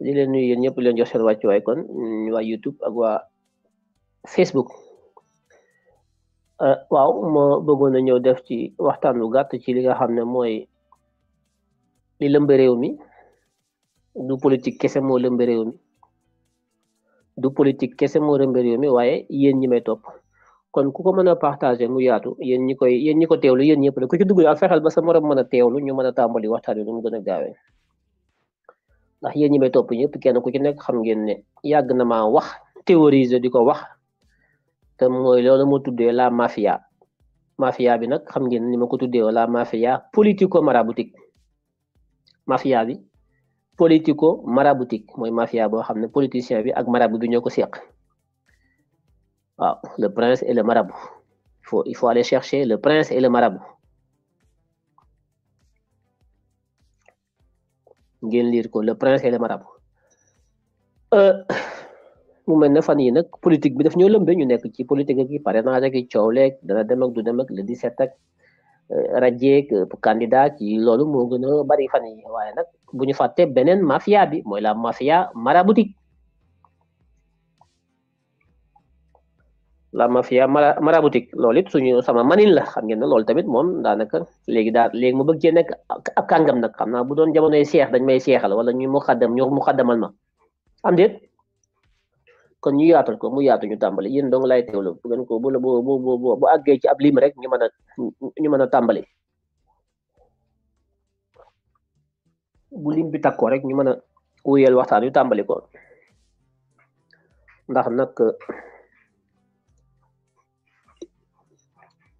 di leen nuyu yéen ñëpp leen jox seen wàccuwaay kon mm, waa YouTube ak waa Facebook euh, waaw ma bëggoon a ñëw def ci waxtaan wu gàtt ci li nga xam ne mooy li lëmb mi du politique kese moo lëmb réew mi du politique kese moo lëmb réew mi waaye yéen ñi may topp kon ku ko mën a partager mu yaatu yen ñi koy yéen ñi ko teewlu yéen ñëpp la ku ci dugg daal fexeel ba sa morom mën a teewlu ñu mën a tàmbali waxtaan wi nu mu gën a gaawee. ndax yéen ñi may topp ñëpp kenn ku ci nekk xam ngeen ne yàgg na maa wax théoriser di ko wax te mooy loolu moo tuddee la mafia mafia bi nag xam ngeen ni ma ko tuddee la mafia politico maraboutique mafia bi politico maraboutique mooy mafia boo xam ne politicien bi ak marabout bi ñoo ko seq waaw le prince et le marabout il faut il faut aller chercher le prince et le marabout ngeen liir ko le prince et le marabout euh, mu mel ne fan yi nag politique bi daf ñoo lëmbe ñu nekk ci politique ak i parrainage ak i coow leeg dana dem ak du dem ak le 17 ak euh, rajeeg euh, candidat ci loolu moo gën a bari fan yi waaye nag bu ñu fàtte beneen mafia bi mooy la mafia maraboutique la mafia maraboutique loolu it suñu sama manin la xam ngeen ne loolu tamit moom daanaka léegi daal léegi mu bëgg cee nekk ak kàngam nag xam naa bu doon jamonoy seex dañ may seexal wala ñu mu xaddam ñu mu xaddamal ma am déet kon ñu yaatal ko mu yaatu ñu tàmbali yéen dong laay bu ngeen ko bu la bu bu bu àggee ci ab lim rek ñu ñu mën a tàmbali lim bi takkoo rek ñu mën a wuyal waxtaan yu tàmbali ko ndax nag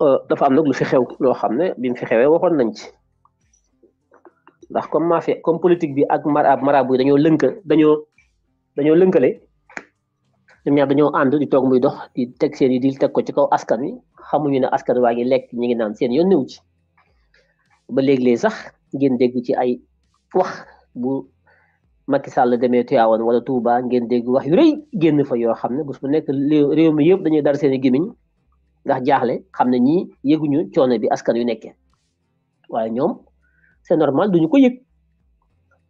Euh, dafa am nag lu fi xew loo xam ne bi mu fi xewee waxoon nañ ci ndax comme mafia comme politique bi ak maraab maraab bi dañoo lënka dañoo dañoo lënkale ñoom ñaar dañoo ànd di toog muy dox di teg seen yi di teg ko ci kaw askan wi xamuñu na askan waa ngi lekk ñu ngi naan seen yoon néew ci ba léeg-léeg sax ngeen dégg ci ay wax bu Macky Sall demee Tivaouane wala Touba ngeen dégg wax yu rëy génn fa yoo xam ne bés bu nekk réew mi yëpp dañuy dar seen i gémmiñ ndax jaaxle xam na ñi yëguñu coono bi askan wi nekke waaye ñoom c'est normal duñu ko yëg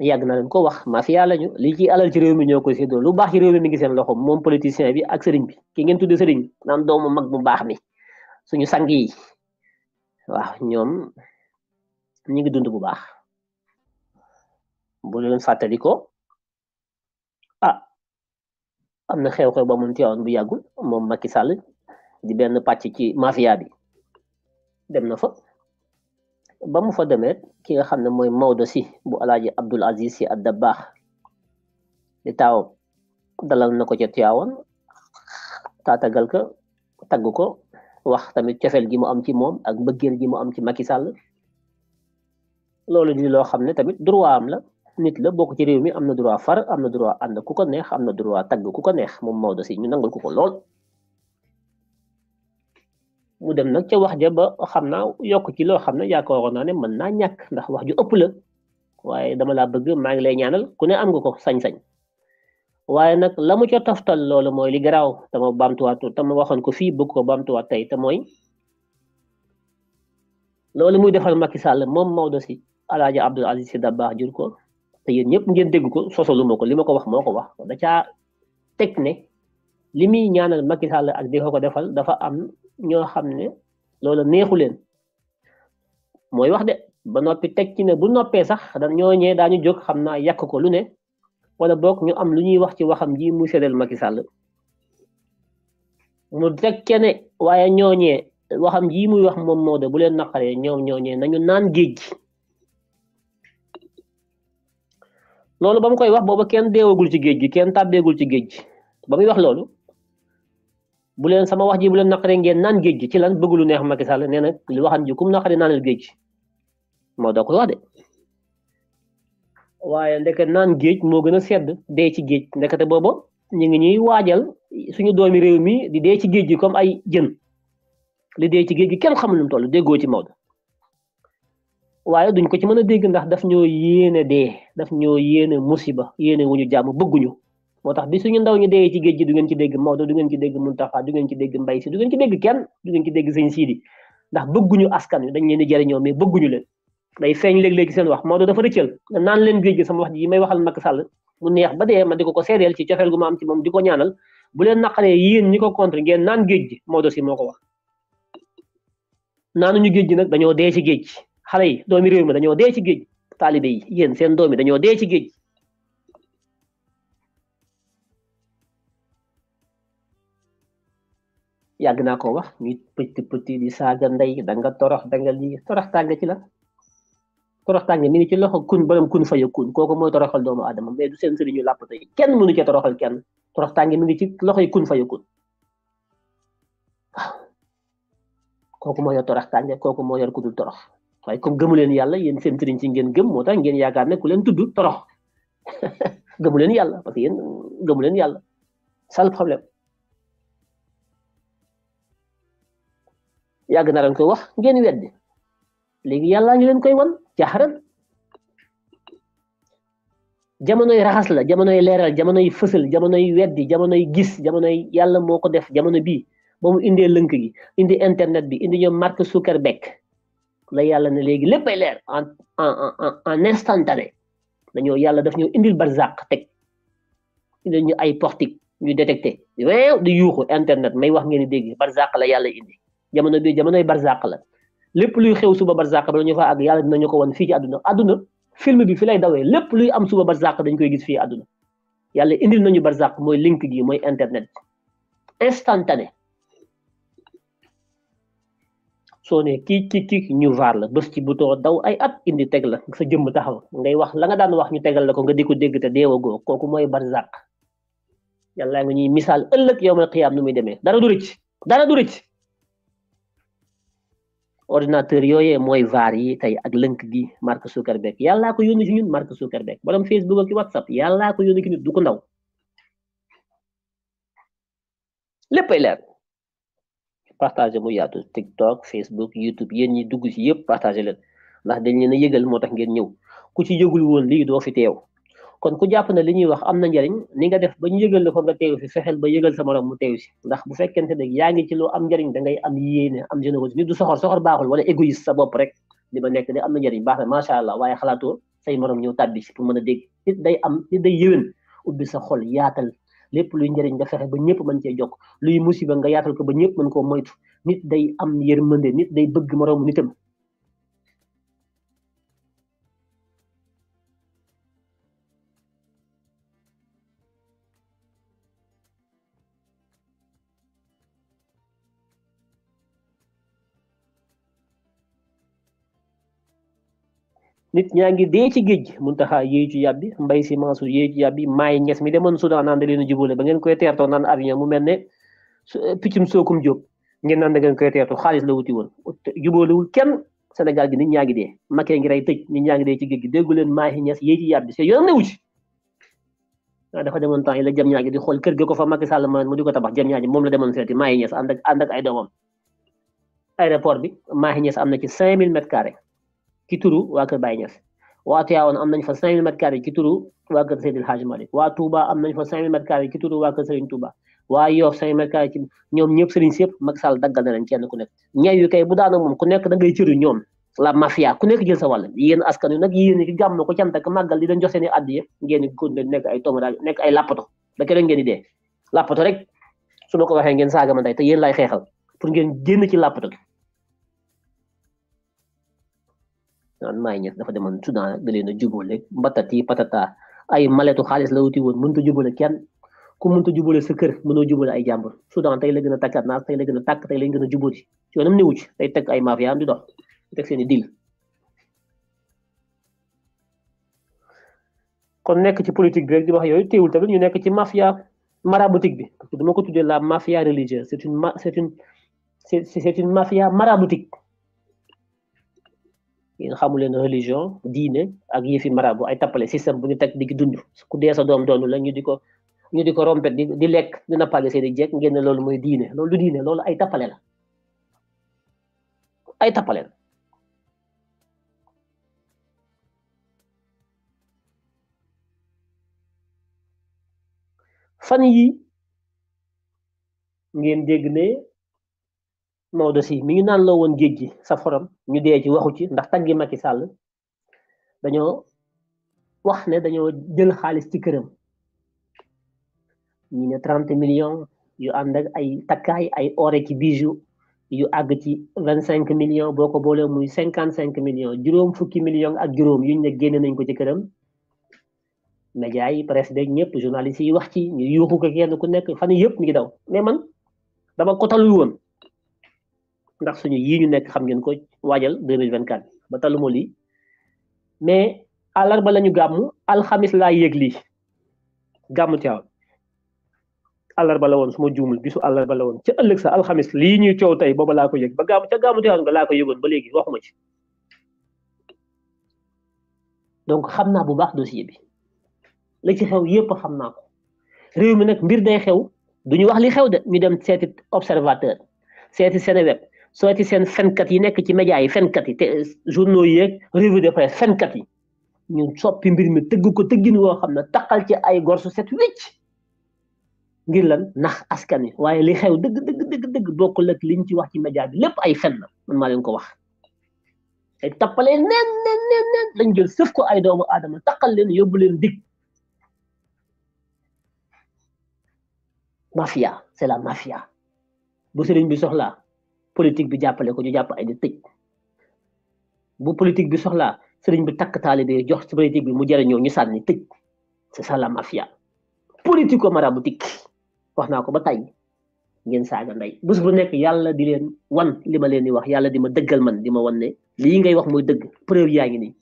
yàgg na leen ko wax mafia lañu li ci alal ci réew mi ñoo ko séddoo lu baax ci réew mi ni ngi seen loxo moom politicien bi ak sëriñ bi ki ngeen tuddee sëriñ naan doomu mag bu baax mi suñu sang yi waaw ñoom ñu ngi dund bu baax bu leen fàttali ko ah, am na xew-xew ba mun teewoon bu yàggul moom Macky di benn pàcc ci mafia bi dem na fa ba mu fa demee ki nga xam ne mooy Maodo si bu alaaji Abdul Aziz si adda baax di taaw dalal na ko ca Tiwaawan taatagal ko tagg ko wax tamit cofeel gi mu am ci moom ak mbëggeel gi mu am ci Macky Sall loolu di loo xam ne tamit droit am la nit la bokk ci réew mi am na droit far am na droit ànd ku ko neex am na droit tagg ku ko neex moom Maodo si ñu nangul ko ko lool mu dem nag ca wax ja ba xam na yokk ci loo xam ne yaakaaroon naa ne man naa ñàkk ndax wax ju ëpp la waaye dama la bëgg maa ngi lay ñaanal ku ne am nga ko sañ-sañ waaye nag la mu ca toftal loolu mooy li garaaw dama baamtuwaat tama waxoon ko fii bëgg ko baamtuwaat tey te mooy loolu muy defal Macky Sall moom Maodo si Alaaji Abdoul Aziz Sy Dabakh jur ko te yéen ñëpp ngeen dégg ko sosalu ko lima ko wax moo ko wax da ca teg ne li muy ñaanal Macky Sall ak di ko dafa ñoo xam ne loolu neexu leen mooy wax de ba noppi teg ci ne bu noppee sax da ñooñee daañu jóg xam naa yàq ko lu ne wala boog ñu am lu ñuy wax ci waxam ji muy séddale Macky Sall mu tekkee ne waaye ñooñee waxam ji muy wax moom moo de bu leen naqaree ñoom ñooñee nañu naan géej gi loolu ba mu koy wax booba kenn deewagul ci géej gi kenn tàbbeegul ci géej gi ba muy wax loolu. bu leen sama wax ji bu leen naqaree ngeen naan géej gi ci lan bëgg lu neex Macky Sall nee li waxan ji kum naqaree naanal géej gi moo doo ko wax de waaye ndeke naan géej moo gën a sedd dee ci géej ndekete boobu ñu ngi ñuy waajal suñu doomi réew mi di dee ci géej gi comme ay jën li dee ci géej gi kenn xamul lu mu toll déggoo ci Maodo waaye duñ ko ci mën a dégg ndax daf ñoo yéene dee daf ñoo yéene musiba yéene wuñu jàmm bëgguñu boo tax bi suñu ndaw ñu dee ci géej gi du ngeen ci dégg Maodo du ngeen ci dégg Muntaxa du ngeen ci dégg Mbay si du ngeen ci dégg kenn du ngeen ci dégg sëñ Siidi ndax bëgguñu askan wi dañ leen di jëriñoo mais bëgguñu leen day feeñ léeg-léegi seen wax Maodo dafa rëccal naan leen géej wax ji may waxal Macky Sall neex ba ko ko seedeel ci cofeel am ci moom ko ñaanal bu leen naqaree yéen ñi ko contre ngeen naan géej gi Maodo si moo ko wax naanuñu géej gi nag dañoo dee ci géej xale yi doomi réew mi dañoo dee ci géej taalibe yi yéen seen doomi dañoo dee ci géej yag na ko wax ñuy petit petit di saga ndey da nga torox da nga li torox tang ci la torox tang ni ci loxo kun borom kun fa yakun koko mooy toroxal doomu aadama mais du sen sëriñu lapp tay kenn munu ci toroxal kenn torox tang ni ngi ci loxo kun fa yakun waaw kooku torox tang koko moo yor kudul torox way kum gëmu leen yàlla yéen seen sëriñ ci ngeen gëm motax ngeen yaakaar ne ku len tuddu torox parce que yalla sal problème yàgg na leen koy wax ngeen weddi léegi yàlla ngi leen koy wan jaaxaral jamonoy raxas la jamonoy leeral jamonoy fësal jamonoy weddi jamonoy gis jamonoy yàlla moo ko def jamono bii ba mu indee lënk gi indi internet bi indi ñoom Mark Zuckerberg la yàlla na léegi léppay leer en en en en instantané yàlla daf ñoo indil barzaq teg indil ñu ay portique ñu détecté weew di yuuxu internet may wax ngeen di dégg barzaq la yàlla indi. jamono bi jamonoy barzaq la lépp luy xew suba barzaq bala ñu fa àgg yàlla dinañu ko wan fii ci àdduna àdduna film bi fi lay dawee lépp luy am suba barzaq dañ koy gis fii àdduna yàlla indil nañu barzaq mooy link gi mooy internet soo ne kii kii kii ñu vaar la bés ci butoo daw ay at indi teg la sa jëmm taxaw ngay wax la nga daan wax ñu tegal la ko nga di ko dégg te deewagoo kooku mooy barzaq yàlla nga ñuy misaal ëllëg yow ma xiyaam nu muy demee dara du rëcc dara du rëcc ordinateur yooye mooy vaar yi tey ak lënk gi Mark Zuckerberg yàllaa ko yónni ci ñun Mark Zuckerberg borom Facebook ak WhatsApp yàllaa ko yónni ci ñun du ko ndaw léppay leer partagé mu yaatu TikTok Facebook YouTube yéen ñi dugg ci yëpp partagé leen ndax dañ leen a yëgal moo tax ngeen ñëw ku ci yëgul woon lii doo fi teew kon ku jàpp ne li ñuy wax am na njariñ ni nga def ba ñu yëgal la ko nga teew si fexeel ba yëgal sa morom mu teew si ndax bu fekkente ne yaa ngi ci lu am da ngay am yéene am générosité nit du soxor soxor baaxul wala égoïste sa bopp rek li ma nekk de am na njariñ baax na macha allah waaye xalaatoo say morom ñëw tàbbi si pour mën a dégg nit day am nit day yéwén ubbi sa xol yaatal lépp luy njariñ nga fexe ba ñëpp mën cee jokk luy musiba nga yaatal ko ba ñëpp mën koo moytu nit day am mën yërmande nit day bëgg moromu nitam nit ñangi ngi ci ci muntaha muntaxa ci yabbi mbay ci mansu ci yabbi may ñes mi demoon sudan nan da jibule jubale ba ngeen koy teertoo nan avion mu mel ne sokum eh, job ngeen nan da ngeen koy teertoo xaalis la wuti woon wul kenn sénégal gi nit ñangi ngi maké ngi ray tej nit ñangi ngi ci géej gi déggu leen maay ñes ci yabbi sa yoon newu ci ah, dafa demoon tan yi la jëm ñaaji di xol kër ga ko fa Macky Sall mu diko tabax jëm ñangi mom la demoon seeti may ñes and ak and ak ay doomam aéroport bi maay ñes amna ci 5000 mètres carrés ci turu waa kër Baye Niass waa Tivaouane am nañ fa 5000 mètres carrés ci turu waa kër Seydil Hadj Malick waa Touba am nañ fa 5000 mètres carrés ci turu waa kër Serigne Touba waa Yoff 5000 mètres carrés ci ñoom ñëpp Serigne si yëpp Macky Sall daggal na leen kenn ku nekk ñay yu ku nekk da ngay cëru ñoom ko cant ak màggal di leen jox seeni addiya ngeen continué nekk ay tomb nekk ay làppato da ke ngeen di dee làppato rek su ko waxee ngeen saaga man tey te yéen lay xeexal ci làppato naan may ñett dafa demoon Soudan da leen a jubóole mbatati patata ay maleetu xaalis la wuti woon mënut a jubóole kenn ku mënut a jubóole sa kër mënoo jubóole ay jàmbur Soudan tey la gën a takkaat naas tey la gën a tàkk tey lañ gën a jubóoti ci yoonam niwu ci tey teg ay mafia am di dox teg seen i dil kon nekk ci politique bi rek di wax yooyu teewul tamit ñu nekk ci mafia maraboutique bi parce que ko tuddee la mafia religieuse c'est une ma c'est une c'est yéen xamu leen religion diine ak yëfi marabu ay tappale système bu ñu teg di dund ku dee sa doom doonu la ñu di ko ñu di ko rompet di di lekk di nappaale seen i jeeg ngeen ne loolu mooy diine loolu diine loolu ay tappale la ay tappale fan yi ngeen dégg ne Maodo si mi ñu naan loo woon géej gi sa forom ñu dee ci waxu ci ndax taggi Macky Sall dañoo wax ne dañoo jël xaalis ci këram ñu ne trente millions yu ànd ak ay takkaay ay ore ci bijoux yu àgg ci vingt cinq millions boo ko boolee muy cinquante cinq millions juróom fukki millions ak juróom yuñ ne génne nañ ko ci këram médias yi presse beeg ñëpp journalistes yi wax ci ñu yuuxu ko kenn ku nekk fan yëpp mi ngi daw mais man dama kotalul woon ndax suñu yii ñu nekk xam ngeen ko waajal 2024 ba taluma lii mais àllarba la ñu gàmmu alxamis laa yëg lii gàmmu ci àllarba la woon su ma juumul bisu àllarba la woon ca ëllëg sa alxamis lii ñuy coow tey booba laa ko yëg ba gàmmu ca gàmmu Tiwaawan ba laa ko yëgoon ba léegi waxuma ci donc xam naa bu baax dossier bi la ci xew yépp xam naa ko réew mi nag mbir day xew duñu wax li xew de ñu dem seeti observateur seeti Seneweb soo ci seen fenkat yi nekk ci média yi fenkat yi te journaux yi yeeg revue de presse fenkat yi ñu soppi mbir mi tëgg ko tëggin woo xam ne taqal ci ay gorsu set wicc ngir lan nax askan wi waaye li xew dëgg dëgg dëgg dëgg bokkul ak liñ ci wax ci média bi lépp ay fen la man maa leen ko wax ay tappale neen neen neen neen lañ jël sëf ko ay doomu aadama taqal leen yóbbu leen dig mafia c'est la mafia bu sëriñ bi soxlaa politique bi jàppale ko ñu jàpp ay di tëj politique bi soxlaa sëriñ bi takk taalibe jox ci politique bi mu jëriñoo ñu sànni tëj c'est ça la mafia politico maraboutique wax naa ko ba tey ngeen saaga ndey bés bu nekk yàlla di leen wan li ma leen di wax yàlla di ma dëggal man di ma wan ne lii ngay wax muy dëgg preuve yaa ngi nii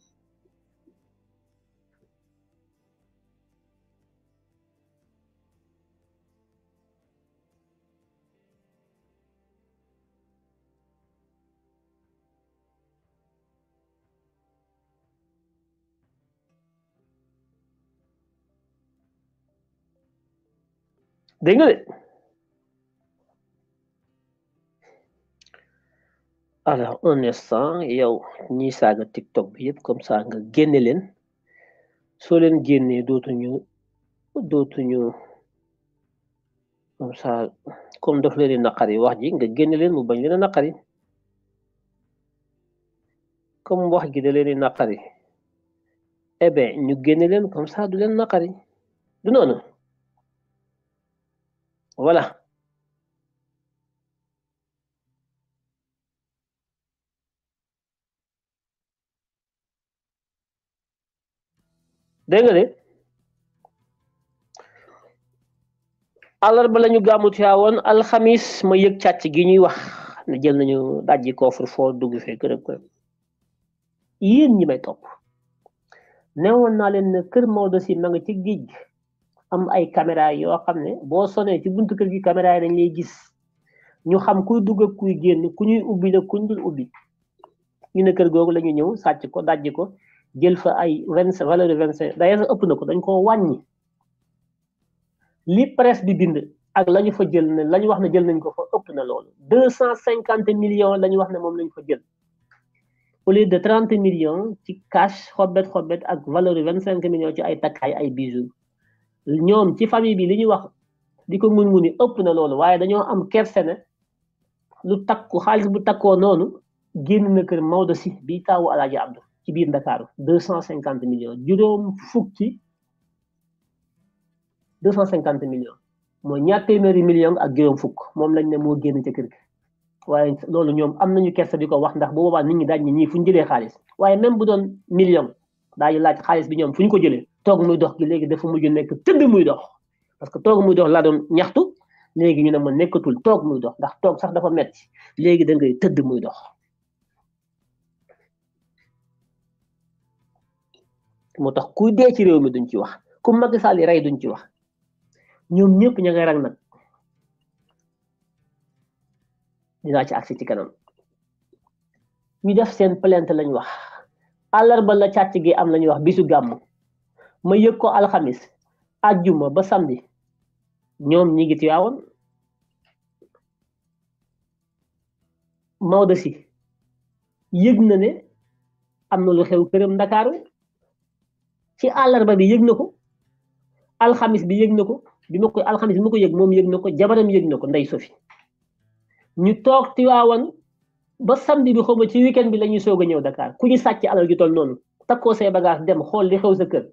They got it. alors un instant yow ñi saaga TikTok bi yëpp comme ça nga génne leen soo leen génnee dootuñu dootuñu comme ça comme daf leen naqari wax ji nga génne leen mu bañ leen a naqari comme wax gi da leen di naqari eh ñu génne leen comme ça du leen naqari du noonu. Voilà. dégg nga de àllarba la ñu gàmmu Tiwaawoon alxamis ma yëg càcc gi ñuy wax ne jël nañu dajji koofur foo dugg fee kërëb kërëb yéen ñi may topp newoon naa leen ne kër Maodo si ma ci géej gi am ay caméra yoo xam ne boo sonee ci buntu kër gi caméra yi dañ lay gis ñu xam kuy dugg kuy génn ku ñuy ubbi la kuñ dul ubbi ñu ne kër googu la ñu ñëw sàcc ko dajj ko jël fa ay vingt valeur de vingt cinq d'ailleurs ëpp na ko dañ koo wàññi li presse bi bind ak la fa jël ne la ñu wax ne jël nañ ko fa ëpp na loolu deux cent cinquante million la ñu wax ne moom lañ fa jël au lieu de trente millions ci cash xobet xobet ak valeur vingt cinq millions ci ay takkaay ay bijoux ñoom ci famille bi li ñuy wax di ko ngun nguni ëpp na loolu waaye dañoo am kerse ne lu takku xaalis bu takkoo noonu génn na kër Maodo si bi taawu Alaaji Abdu ci biir Ndakaaru deux cent cinquante millions juróom fukki deux cent cinquante millions mooy ñaar téeméeri millions ak juróom fukk moom lañ ne moo génn ca kër waaye loolu ñoom am nañu kersa di ko wax ndax bu boobaa nit ñi daaj ñi ñii fu ñu jëlee xaalis waaye même bu doon million daañu laaj xaalis bi ñoom fu ñu ko jëlee toog muy dox gi léegi dafa mujj nekk tëdd muy dox parce que toog muy dox laa doon ñaxtu léegi ñu ne ma nekkatul toog muy dox ndax toog sax dafa metti léegi da ngay tëdd muy dox moo tax kuy dee ci réew mi duñ ci wax ku Macky Sall yi rey duñ ci wax ñoom ñëpp ña ngay rang nag dinaa ci agsi ci kanam ñu def seen plainte lañ wax àllarba la càcc gi am lañ wax bisu gàmm ma yëg ko alxamis ajjuma ba samedi ñoom ñi ngi Tiwaawoon Maodo si yëg na ne am na lu xew këram ndakaaru ci àllarba bi yëg na ko alxamis bi yëg na ko bi ma ko alxamis bi ma ko yëg moom yëg na ko jabaram yëg na ko ndey Sofi ñu toog Tiwaawoon ba samedi bi xaw ma ci weekend bi la ñuy soog ñëw Dakar ku ñu sàcc alal ju toll noonu takkoo see bagage dem xool li xew sa kër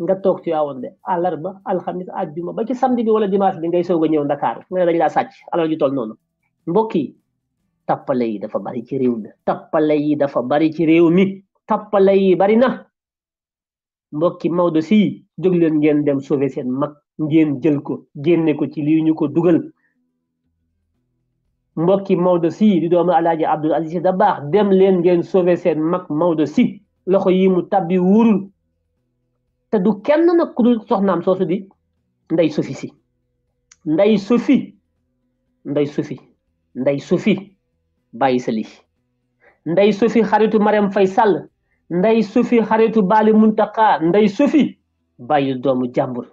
nga toog ci waawoon de àllarba alxamis àjjuma ba ci samedi bi wala dimanche bi ngay soog ñëw Dakar nga ne dañ laa sàcc alal ju toll noonu mbokk yi tappale yi dafa bari ci réew mi tappale yi dafa bari ci réew mi tappale yi bari na mbokki Maodo si jóg leen ngeen dem sauver seen mag ngeen jël ko génne ko ci lii ñu ko dugal mbokki Maodo si di doomu Alaaji Abdul Aziz da baax dem leen ngeen sauver seen mag Maodo si loxo yi mu tabbi wurul te du kenn nag ku dul soxnaam soosu di nday sufi si nday sufi nday sufi nday sufi bàyyi sa ndey nday xaritu Marème Faye Sall nday sufi xaritu Bali Muntaka ndey sufi bàyyi doomu jàmbur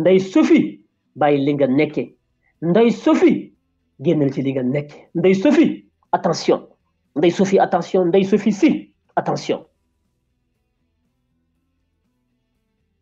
ndey sufi bàyyi li nga nekke nday sufi génnal ci li nga nekke nday sufi attention nday sufi attention nday sufi si attention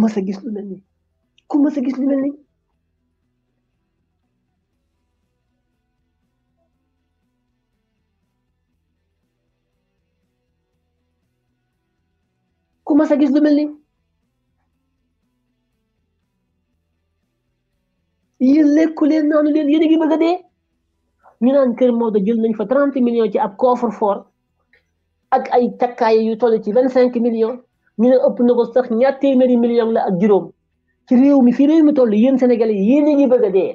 mas a gis lu mel ni ku mas a gis lu mel ni ku mas a gis lu mel ni yéen lekku leen naanu leen yéen a gi bëgg a dee ñu naan kër Maodo jël nañ fa trente millions ci ab coffre ak ay takkaay yu tolle ci vingt cinq millions ñu ne ëpp na ko sax ñaar téeméeri million la ak juróom ci réew mi fi réew mi toll yéen Sénégalais yéen a ngi bëgg a dee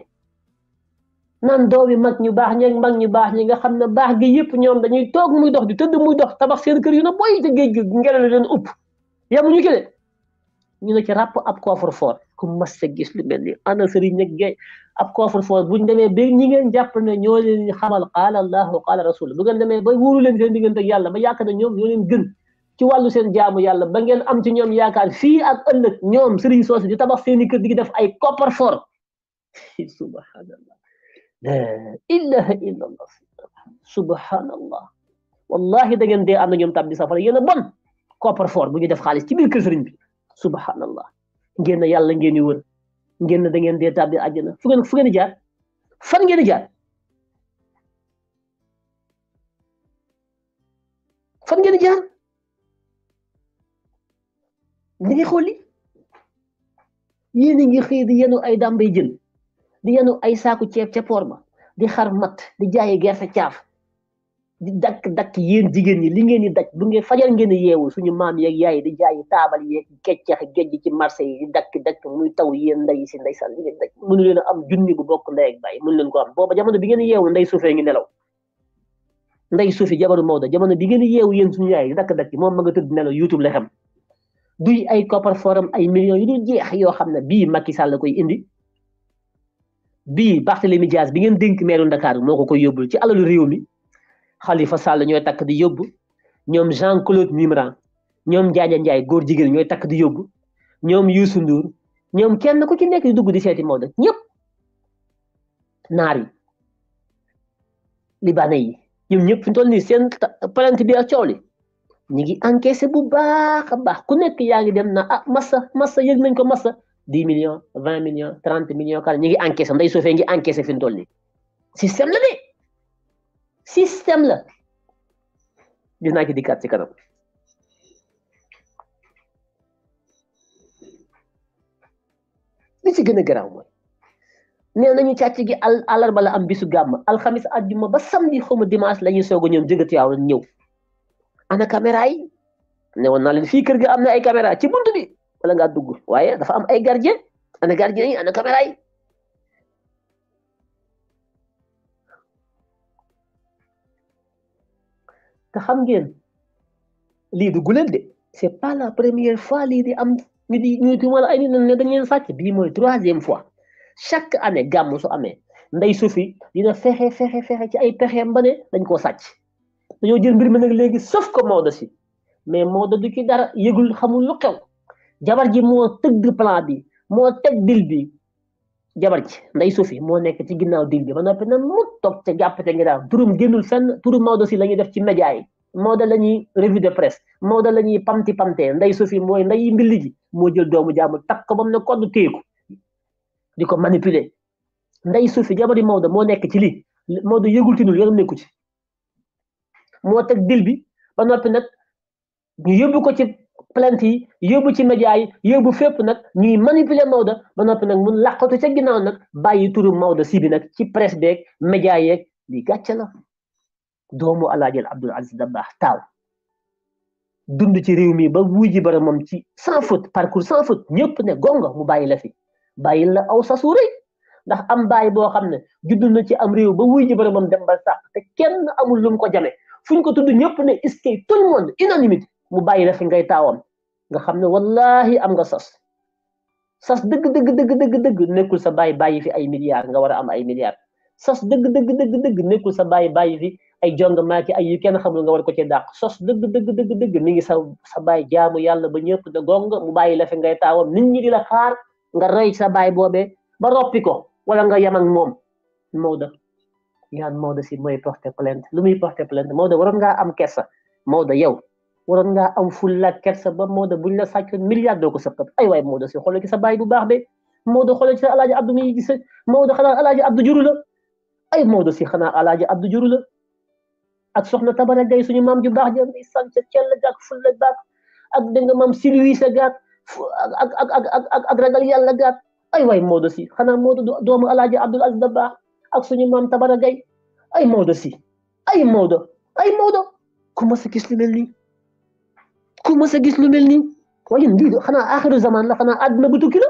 naan doomi mag ñu baax ñeeg mag ñu baax ñi nga xam ne baax gi yëpp ñoom dañuy toog muy dox di tëdd muy dox tabax seen kër yu na boy te géej gi ngelaw leen upp yamuñu ki de ñu ne ci ràpp ab coffre fort ku mas a gis lu mel ni ana sëriñ nag gay ab coffre fort buñ demee ba ñi ngeen jàpp ne ñoo leen xamal qaala allahu qaala rasul bu ngeen demee ba wóoru leen seen diggante ak yàlla ba yàq ne ñoom ñoo leen gën ci walu seen jaamu yàlla ba ngeen am ci ñoom yaakaar fii ak ëllëg ñoom sëriñ soosu di tabax seeni kër di def ay koppar for subhanallah la ilaha illallah subhanallah wallahi da ngeen dee am na ñoom tabbi safara yéen a bon koppar for bu ñu def xaalis ci biir kër sëriñ bi subhanallah ngeen na yàlla ngeen di wër ngeen na da ngeen dee tabbi àjjana fu ngeen fu ngeen jaar fan ngeen jaar fan ngeen jaar da ngay xool yéen a ngi xëy di yenu ay dàmbay jën di yenu ay saaku ceeb ca poor ba di xar mat di jaayi gerte caaf di dakk dakk yéen jigéen ñi li ngeen di daj bu ngeen fajar ngeen di yeewu suñu maam yeeg yaay di jaayi taabal yeeg keccax géej gi ci marché yi di dakk dakk muy taw yéen nday si nday sa li ngeen leen a am junni bu bokk ndey ak bàyyi leen ko am booba jamono bi ngeen yeewu nday suufee ngi nelaw nday suufi jabaru Maodo jamono bi ngeen yeewu yéen suñu yaay di dakk dakk moom ma nga tëdd nelaw youtube la xam duy ay koppar forum ay millions yu dul jeex yoo xam ne bii Macky Sall koy indi bii Barthélémy Dias bi ngeen dénk meeru Ndakaaru moo ko koy yóbbul ci alalu réew mi Khalifa Sall ñooy takk di yóbbu ñoom Jean Claude Mimran ñoom Ndiaye Ndiaye góor jigéen ñooy takk di yóbbu ñoom Youssou Ndour ñoom kenn ku ci nekk di dugg di seeti Maodo ñëpp naar yi libanais yi ñoom ñëpp fi mu toll nii bi ak coow li ñi ngi encaissé bu baax a baax ku nekk yaa ngi dem na ah masa massa yëg nañ ko massa dix millions vingt millions trente millions kal ñi ngi encaissé nday sofee ngi encaissé fi mu ni nii système la de système la dinaa ci dikkaat ci kanam li ci gën a garaaw mooy nee nañu càcc gi al àllarba bala a bisu gàmm alxamis àjjuma ba samedi xaw ma dimanche la ñuy soog a ñoom jóge Tiwaawan ñëw ana caméra yi ne woon leen fii kër gi am na ay caméra ci bunt bi wala ngaa dugg waaye dafa am ay gardien ana gardien yi ana caméra yi te xam ngeen lii leen guleen de c'est pas la première fois lii di am ñu di ñu tuumal ay nit ne dañ leen sàcc bii mooy troisième fois chaque année gàmm su amee nday sufi dina fexe fexe fexe ci ay pexeem ba dañ koo sàcc dañoo jël mbir ma nag léegi sauf ko Maodo si mais Maodo du ci dara yëgul xamul lu xew jabar ji moo tëgg plan bi moo teg dil bi jabar ji nday suufi moo nekk ci ginnaaw dil bi ba noppi nag mu toog te jàppate ngi daal turum génnul fenn turum Maodo si la ñuy def ci média yi Maodo la ñuy revue de presse Maodo la ñuy pamti pamtee nday suufi mooy nday mbilli ji moo jël doomu jaamu takk ko ba mu ne kodd téeku di ko manipuler nday suufi jabari Maodo moo nekk ci lii Maodo yëgul tinul yoonam nekku ci moo teg dil bi ba noppi nag ñu yóbbu ko ci plainte yi yóbbu ci média yi yóbbu fépp nag ñuy manipuler Maodo ba noppi nag mun làqatu ca ginnaaw nag bàyyi turu Maodo si bi nag ci presse beeg média yeeg li gàcce la doomu alaajal Abdoul Aziz Dabakh taaw dund ci réew mii ba wuuji boromam ci sans faute parcours sans faute ñëpp ne gonga mu bàyyi la fi bàyyi la aw sa suuree ndax am bàyyi boo xam ne judd na ci am réew ba wuuji boromam dem ba sàq te kenn amul lu mu ko jame fu ñu ko tudd ñëpp ne est-ce que tout le monde unanimité mu bàyyi la fi ngay taawam nga xam ne wallahi am nga sas sas dëgg dëgg dëgg dëgg dëgg nekkul sa bàyyi bàyyi fi ay milliards nga war a am ay milliards sas dëgg dëgg dëgg nekkul sa bàyyi bàyyi fi ay jong maaki ay yu kenn xamul nga war ko ci dàq sos dëgg dëgg dëgg dëgg mi ngi sa sa bàyyi jaamu yàlla ba ñëpp da gong mu bàyyi la fi ngay taawam nit ñi di la xaar nga rey sa bàyyi boobee ba roppi ko wala nga yam ak moom Maodo ñu naan Maodo si mooy porté plainte lu muy porté plainte Maodo waroon ngaa am kersa Maodo yow waroon ngaa am fulla kersa ba Maodo buñ la sàccoon milliard doo ko sëpkat ay waay Maodo si sa baay bu baax be Maodo xoolal ci sa alaaji Abdou muy gis Maodo xanaa alaaji Abdou juru la ay Maodo si xanaa alaaji Abdou juru la ak soxna Tabara Gaye suñu maam ju baax jëm di sant cell gaak fulla gaak ak dégg nga maam silwise gaak ak ak ak ak ak ragal yàlla gaak ay waay Maodo si xanaa Maodo doomu alaaji Abdoul Aziz ak suñu mam Tabara gay ay Maodo si ay Maodo ay Maodo ku mës a gis lu melni nii ku mës a gis lu melni nii waaye lii de xanaa zaman la xana aduna bu tukki la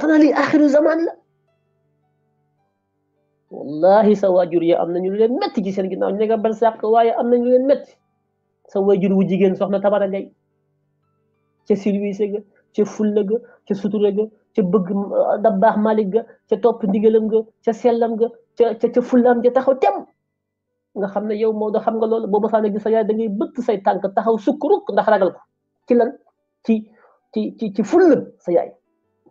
xana li akhiru zaman la wallahi sa waajur ya amna ñu leen métti ci seen ginnaaw ñu nga bal sax waye amna ñu leen métti sa waajur wu jigen soxna Tabara gay ci sirwi ga ca fulla ga ca sutura ga ca bëgg ah, dabbaax malik ga ca topp ndigalam ga ca sellam ga ca ca ca fullaam ja taxaw tem nga xam ne yow Maodo xam nga loolu boo masaana gis sa yaay dangay ngay say tànk taxaw sukkuruk ndax ragal ko ci lan ci ci ci ci fulla sa yaay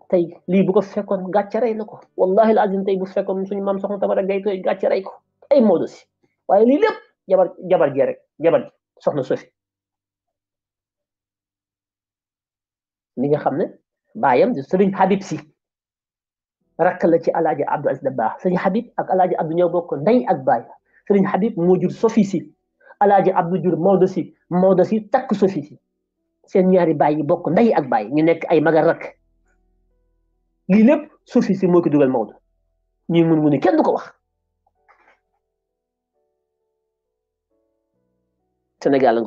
tey lii bu ko fekkoon gàcce na ko wallahi al azim tey bu fekkoon suñu maam soxna Tabara Gaye tooy gàcce rey ko ay Maodo waaye lii lépp jabar jabar rek jabar ji soxna Sofi mi nga xam ne baayam di sëriñ Habib si rakk la ci alaaji Abdou Aziz Dabakh sëriñ Habib ak alaaji Abdou ñëw bokk nday ak baay sëriñ Habib moo jur Sophie si alaaji Abdou jur Maodo si Maodo si takk Sophie si seen ñaari baay yi bokk nday ak baay ñu nekk ay maga rakk lii lépp Sophie si moo ko dugal Maodo ñuy mun mu kenn du ko wax Sénégal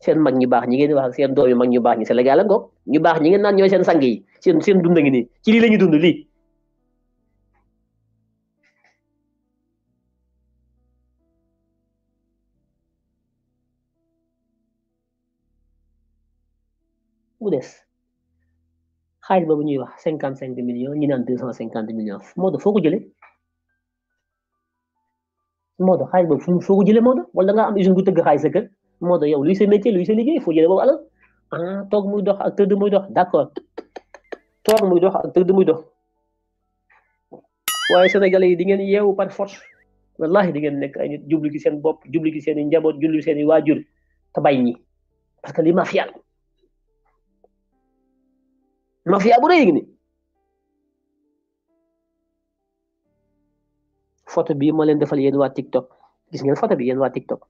seen mag ñu baax ñi ngeen di wax seen doom yi mag ñu baax ñi Sénégal ak ngoog ñu baax ñi ngeen naan ñooy seen sang seen seen dund ngi nii ci lii la ñu dund lii mu des xaalis boobu ñuy wax cinquante cinq millions ñi naan deux cent cinquante millions Maodo foo ko jëlee Maodo xaalis boobu foo ko jëlee Maodo wala da am usine bu tëgg xaalis sa moo yow luy sa métier luy sa liggéey foo jëlé boobu ala ah tok muy dox ak teud muy dox d'accord tok muy dox ak teud muy dox waye sénégalais yi di ngeen yeewu par force wallahi di ngeen nek ay nit jublu ci sen bop jublu ci sen njabot njaboot sen wajur ta bay ni parce que li mafia mafia bu rëy ni photo bi ma len defal yeen wa tiktok gis ngeen photo bi yeen wa tiktok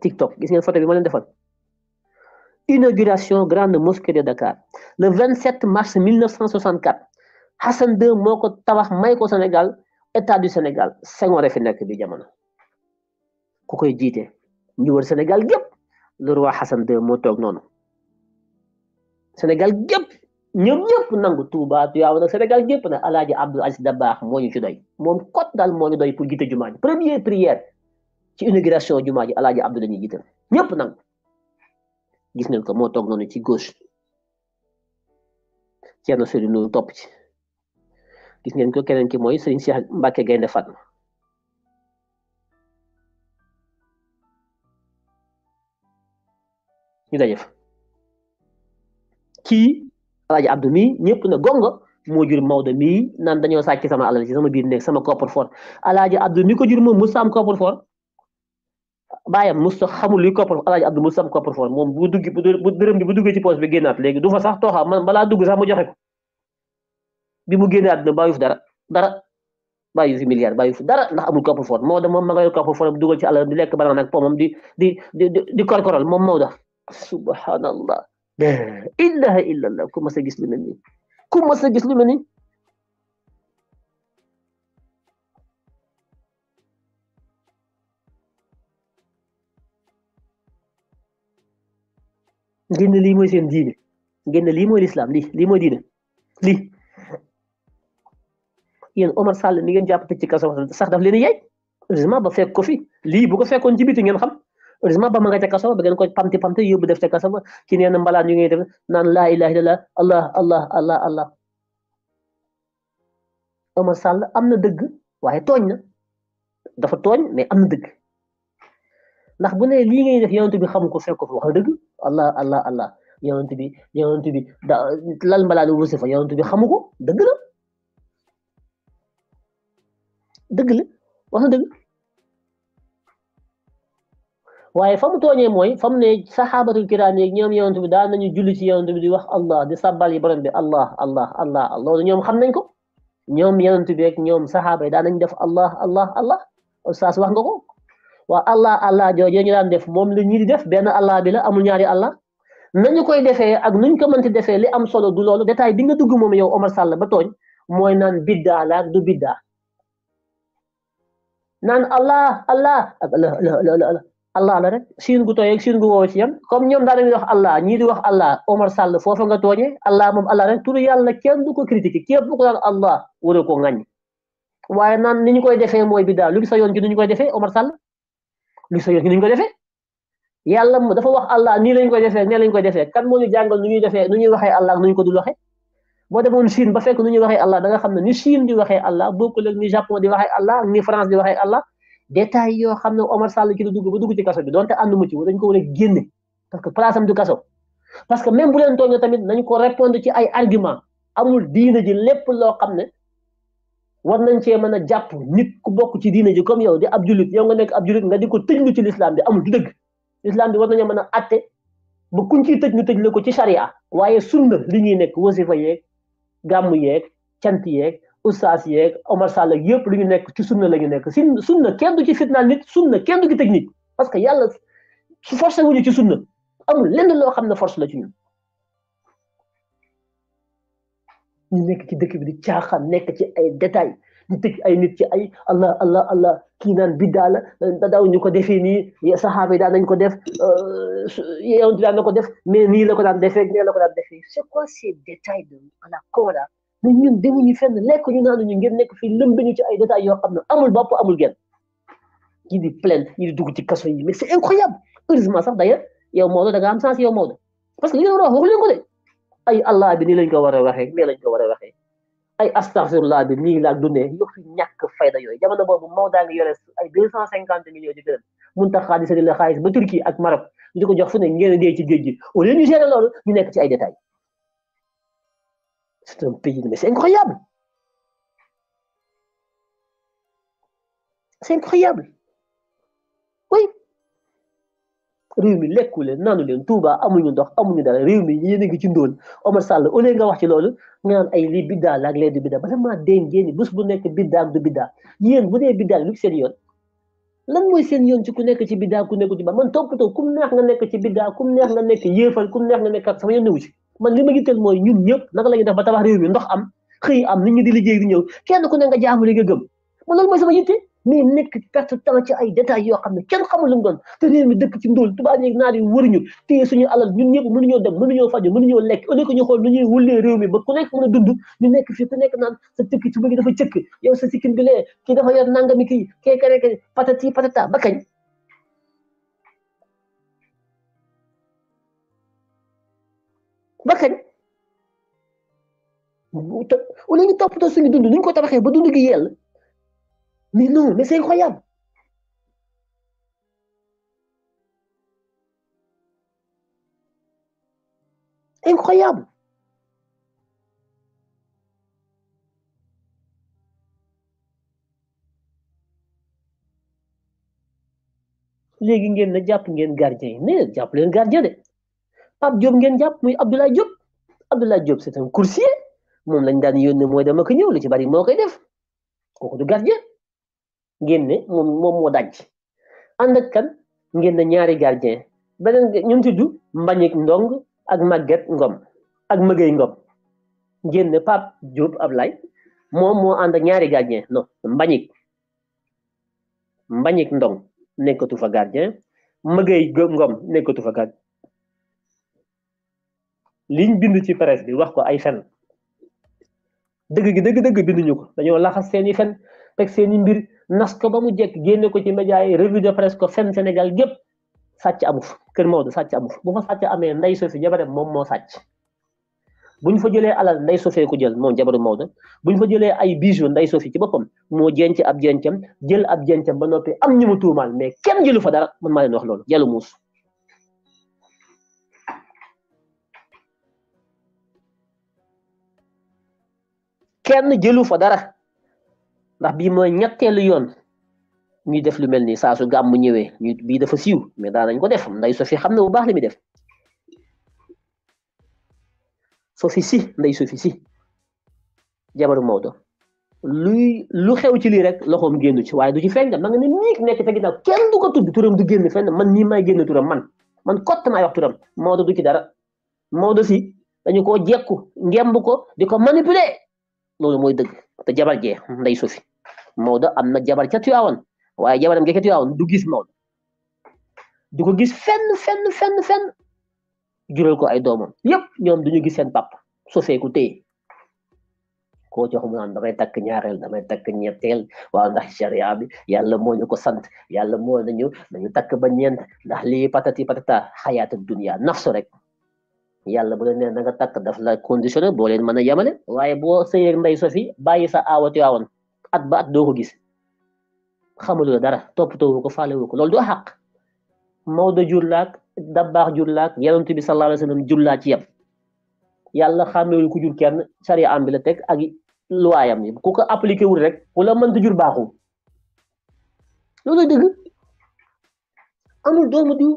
TikTok gis photo inauguration grande mosquée de Dakar le 27 mars 1964 Hassan II moo ko may ko Sénégal état du Sénégal fi nekk jamono koy ñu Sénégal le roi Hassan II moo Sénégal gépp ñoom ñëpp nangu Touba Sénégal gépp Abdou Aziz ñu ci doy moom kot pour première prière ci inauguration jumaa ji alaaji Abdou la ñuy jiital ñëpp nag gis ngeen ko moo toog noonu ci gos Thierno Seydou Nourou topp ci gis ngeen ko keneen ki mooy Serigne Cheikh Mbacke Gaynde Fatma ñu daje fa kii alaaji ñëpp na gonga moo jur Maodo mi naan dañoo sàcc sama alal ci sama biir néeg sama coffre-fort alaaji Abdou mi ko jur moom mu saam coffre baayam musta xamul luy koppar alaaji abdu musta am koppar foon moom bu dugg bu dërëm bi bu duggee ci poos bi génnaat léegi du fa sax tooxaa man dugg sax mu joxe bi mu génnee àdduna bàyyi fi dara dara bàyyi fi milliard bàyyi fi dara ndax amul koppar foon moo da moom ma ngay koppar foon dugal ci àll di lekk banaan di di di di korkoral moom ma da subhanallah la ilaha illallah ku mas a gis lu mel nii a gis lu mel génn lii mooy seen diine génn lii mooy lislaam lii lii mooy diine lii yéen Omar Sall ni ngeen jàpp tëj ci kaso sax daf leen yey heureusement ba fekk lii bu ko fekkoon ci biti ngeen xam heureusement ba ma nga ca kaso ba ngeen ko pamti pamti yóbbu def ca kaso ba ci neen mbalaan yu ngay def naan laa ilaha illallah allah allah allah Omar Sall am na dëgg waaye tooñ na dafa tooñ mais am na dëgg ndax bu ne lii ngay def yonent bi xam ko fekk wax na dëgg allah allah allah yonent bi yonent bi da lal malaanu wasifa yonent bi xamu ko dëgg la dëgg la wax na dëgg waaye fa mu tooñee mooy fa mu ne saxaabatul kiraam yi ñoom yonent bi daan nañu julli ci yonent bi di wax allah di sabbal yi borom bi allah allah allah allah ñoom xam nañ ko ñoom yonent bi rek ñoom saxaaba yi daan nañu def allah allah allah ustaas wax nga ko wa allah allah jojo ñu daan def mom la ñi di def ben allah bi la amul ñaari allah nañ koy defé ak nuñ ko mënti defé li am solo du lolu détail bi nga dugg mom yow Omar Sall ba togn moy nan bidda la ak du bidda nan allah allah ak allah allah allah la rek seen gu toy ak seen gu wo ci yam comme ñom daan nañu wax allah ñi di wax allah Omar Sall fofu nga tooñee allah mom allah rek turu yàlla kenn du ko critiquer képp ko daan allah war ko ŋaññi waye nan niñ koy defé moy bidda lu sa yoon ci niñ koy defé Omar Sall. lu sa yoon ni ñu ko defee yàlla mu dafa wax allah nii lañ koy defee kan moo ñu jàngal nu ñuy defee nu ñuy waxee allah nu ñu ko dul waxee boo demoon Chine ba fekk nu ñuy waxee allah da xam ne ni Chine di waxee allah bokkul ak ni Japon di waxee allah ni France di waxee allah détail yoo xam ne Omar Sall ci la dugg ba dugg ci kaso bi donte ànduma ci dañ ko war a génne parce que place am du kaso parce que même bu leen tooñoo tamit nañ ko répondre war nañ cee mën a jàpp nit ku bokk ci diine ji comme yow di ab julit yow nga nekk ab nga di ko tëjlu ci lislaam bi amul du dëgg lislaam bi war nañoo mën a atte ba kuñ ciy tëj ñu tëj la ko ci charia waaye sunna li ñuy nekk wasifa yeeg gàmmu yeeg cant yeeg ustaas yeeg Omar Sall yëpp lu ñu nekk ci sunna la ñu nekk si sunna kenn du ci fitnaal nit sunna kenn du ci technique parce que yàlla forcé wuñu ci sunna amul lenn loo xam ne force la ci ñu nekk ci dëkk bi di caaxaan nekk ci ay détail di tëj ay nit ci ay allah allah allah kii naan biddaa la da daaw ñu ko defee nii saxaaba yi daan nañ ko def euh, yow daan na ko def mais nii la ko daan defee nii la ko daan defee c'est quoi ces détails de la con là mais ñun demuñu fenn lekk ñu naan ñu ngeen nekk fii lëmbe ci ay détails yoo xam ne amul bopp amul genn ñi di plainte ñi di dugg ci kaso yi mais c'est incroyable heureusement sax d'ailleurs yow Maodo da nga am sens yow Maodo parce que li ngeen wax waxu leen ko de ay allah bi nii lañ ko war a waxee nii lañ ko war a waxee ay astaghfirullah bi nii laa dundee yow fi ñàkk fayda yooyu jamono boobu Maodo ngi yore ay 250 millions di gërëm mun tax xaalis di la xaalis ba turki ak Maroc di ko jox fu ne ngeen dee ci géej gi au lieu ñu gérer loolu ñu nekk ci ay détails c'est un pays mais c'est incroyable c'est incroyable réew mi lekku leen naanu leen Touba amuñu ndox amuñu dara réew mi yéen a ngi ci ndóol Omar Sall au lieu nga wax ci loolu nga naan ay lii biddaa la ak lee du biddaa bala maa dee ngeen bés bu nekk biddaa du biddaa yéen bu dee biddaa lu seen yoon lan mooy seen yoon ci ku nekk biddaa ku nekk ci ba man toppatoo kum neex nga nekk ci biddaa kum neex nga nekk yéefal kum neex nga nekk ak sama yoon newu ci man li ma gittal mooy ñun ñëpp naka la ñuy ba tabax réew mi am xëy am nit ñi di liggéey di kenn ku ne nga jaamu li nga mais nekk perte temps ci ay détails yoo xam ne kenn xamul lu mu doon te réew mi dëkk ci ndóol tubaab yeeg naar yi wëruñu téye suñu alal ñun ñëpp ñoo dem mënuñoo faju mënuñoo lekk au lieu que ñu xool nu ñuy wullee réew mi ba ku nekk mën a dund ñu nekk fii ku nekk naan sa tëkki ci bëgg dafa cëkk yow sa sikkin bi lee kii dafa yor nangami kii keekareke patati patata ba kañ ba kañ au lieu ñu toppatoo suñu dund nuñ ko tabaxee ba dund gi yell Mais non, mais c'est incroyable. Incroyable. les ngeen na japp ngeen gardien yi ne jàpp leen gardien de Pape Diop ngeen japp muy Abdoulaye Diop Abdoulaye Diop c'est un coursier mom lañ dan yónnee moy dama ko ñëw lu ci bari moo koy def kooku du gardien. ngeen ne moom moom moo daj ànd ak kan ngeen ñaari gardien beneen ñun tudd Mbagnick Ndong ak Maguette Ngom ak Mëgëy Ngom ngeen ne Pape Diop Ablaye moom moo ànd ñaari gardien non Mbagnick Mbagnick Ndong nekkatu fa gardien Mëgëy Ngom nekkatu fa gardien liñ bind ci presse bi wax ko ay fen dëgg gi dëgg dëgg binduñu ko dañoo laxas seeni fen teg seeni mbir nas ko ba mu jekk génne ko ci média yi revue de presse fenn Sénégal gépp sàcc amu fa kër Maodo sàcc amu fa bu fa sàcc amee nday sofi jabaram moom moo sàcc bu fa jëlee alal nday sofee ko jël moom jabaru Maodo bu ñu fa jëlee ay bijoux nday sofi ci boppam moo jenc ab jencam jël ab jencam ba noppi am ñu mu tuumaal mais kenn jëlu fa dara man maa leen wax loolu jàllu muus kenn jëlu fa dara ndax bii mooy ñetteelu yoon ñuy def lu mel nii saasu su gàmm ñëwee ñu bii dafa siiw mais daanañ ko def nday Sofi xam na bu baax li muy si nday Sofi si jabaru Maodo luy lu xew ci lii rek loxoom génnu ci waaye du ci feeñ da nga ne nii ko tudd turam du génn fenn man nii may génn turam man man kott maay wax turam Maodo du ci dara Maodo si dañu ko jekku ngemb ko di ko manipuler loolu mooy dëgg te jabar jee nday Sofi Maodo amna jabar ca Tiwaawan waye jabaram ge ca Tiwaawan du gis Maodo du ko gis fenn fenn fenn fenn jural ko ay domam yep ñom duñu gis seen papa sosee ku téye koo jox mu naan damay takk ñaareel damay tak ñettel wa ndax sharia bi yalla moo ñu ko sant yalla mo nañu dañu tak ba ñent ndax li patati patata hayat dunya nafsu rek yalla bu leen ne nga tak daf la conditionner bo leen mëna a waye bo sey nday Sofi bayyi sa awati awon. at ba at doo ko gis xamuloo dara toppatoowu ko faalewu ko lool du xaq Maodo jur laak dabbaax jur laak yonent bi sallallahu alayhi wa jur laa ci yem yàlla xàmmeewul ku jur kenn sariya am bi la teg ak luwaayam yi ku ko appliqué wul rek wala mënta jur baaxul amul doomu diw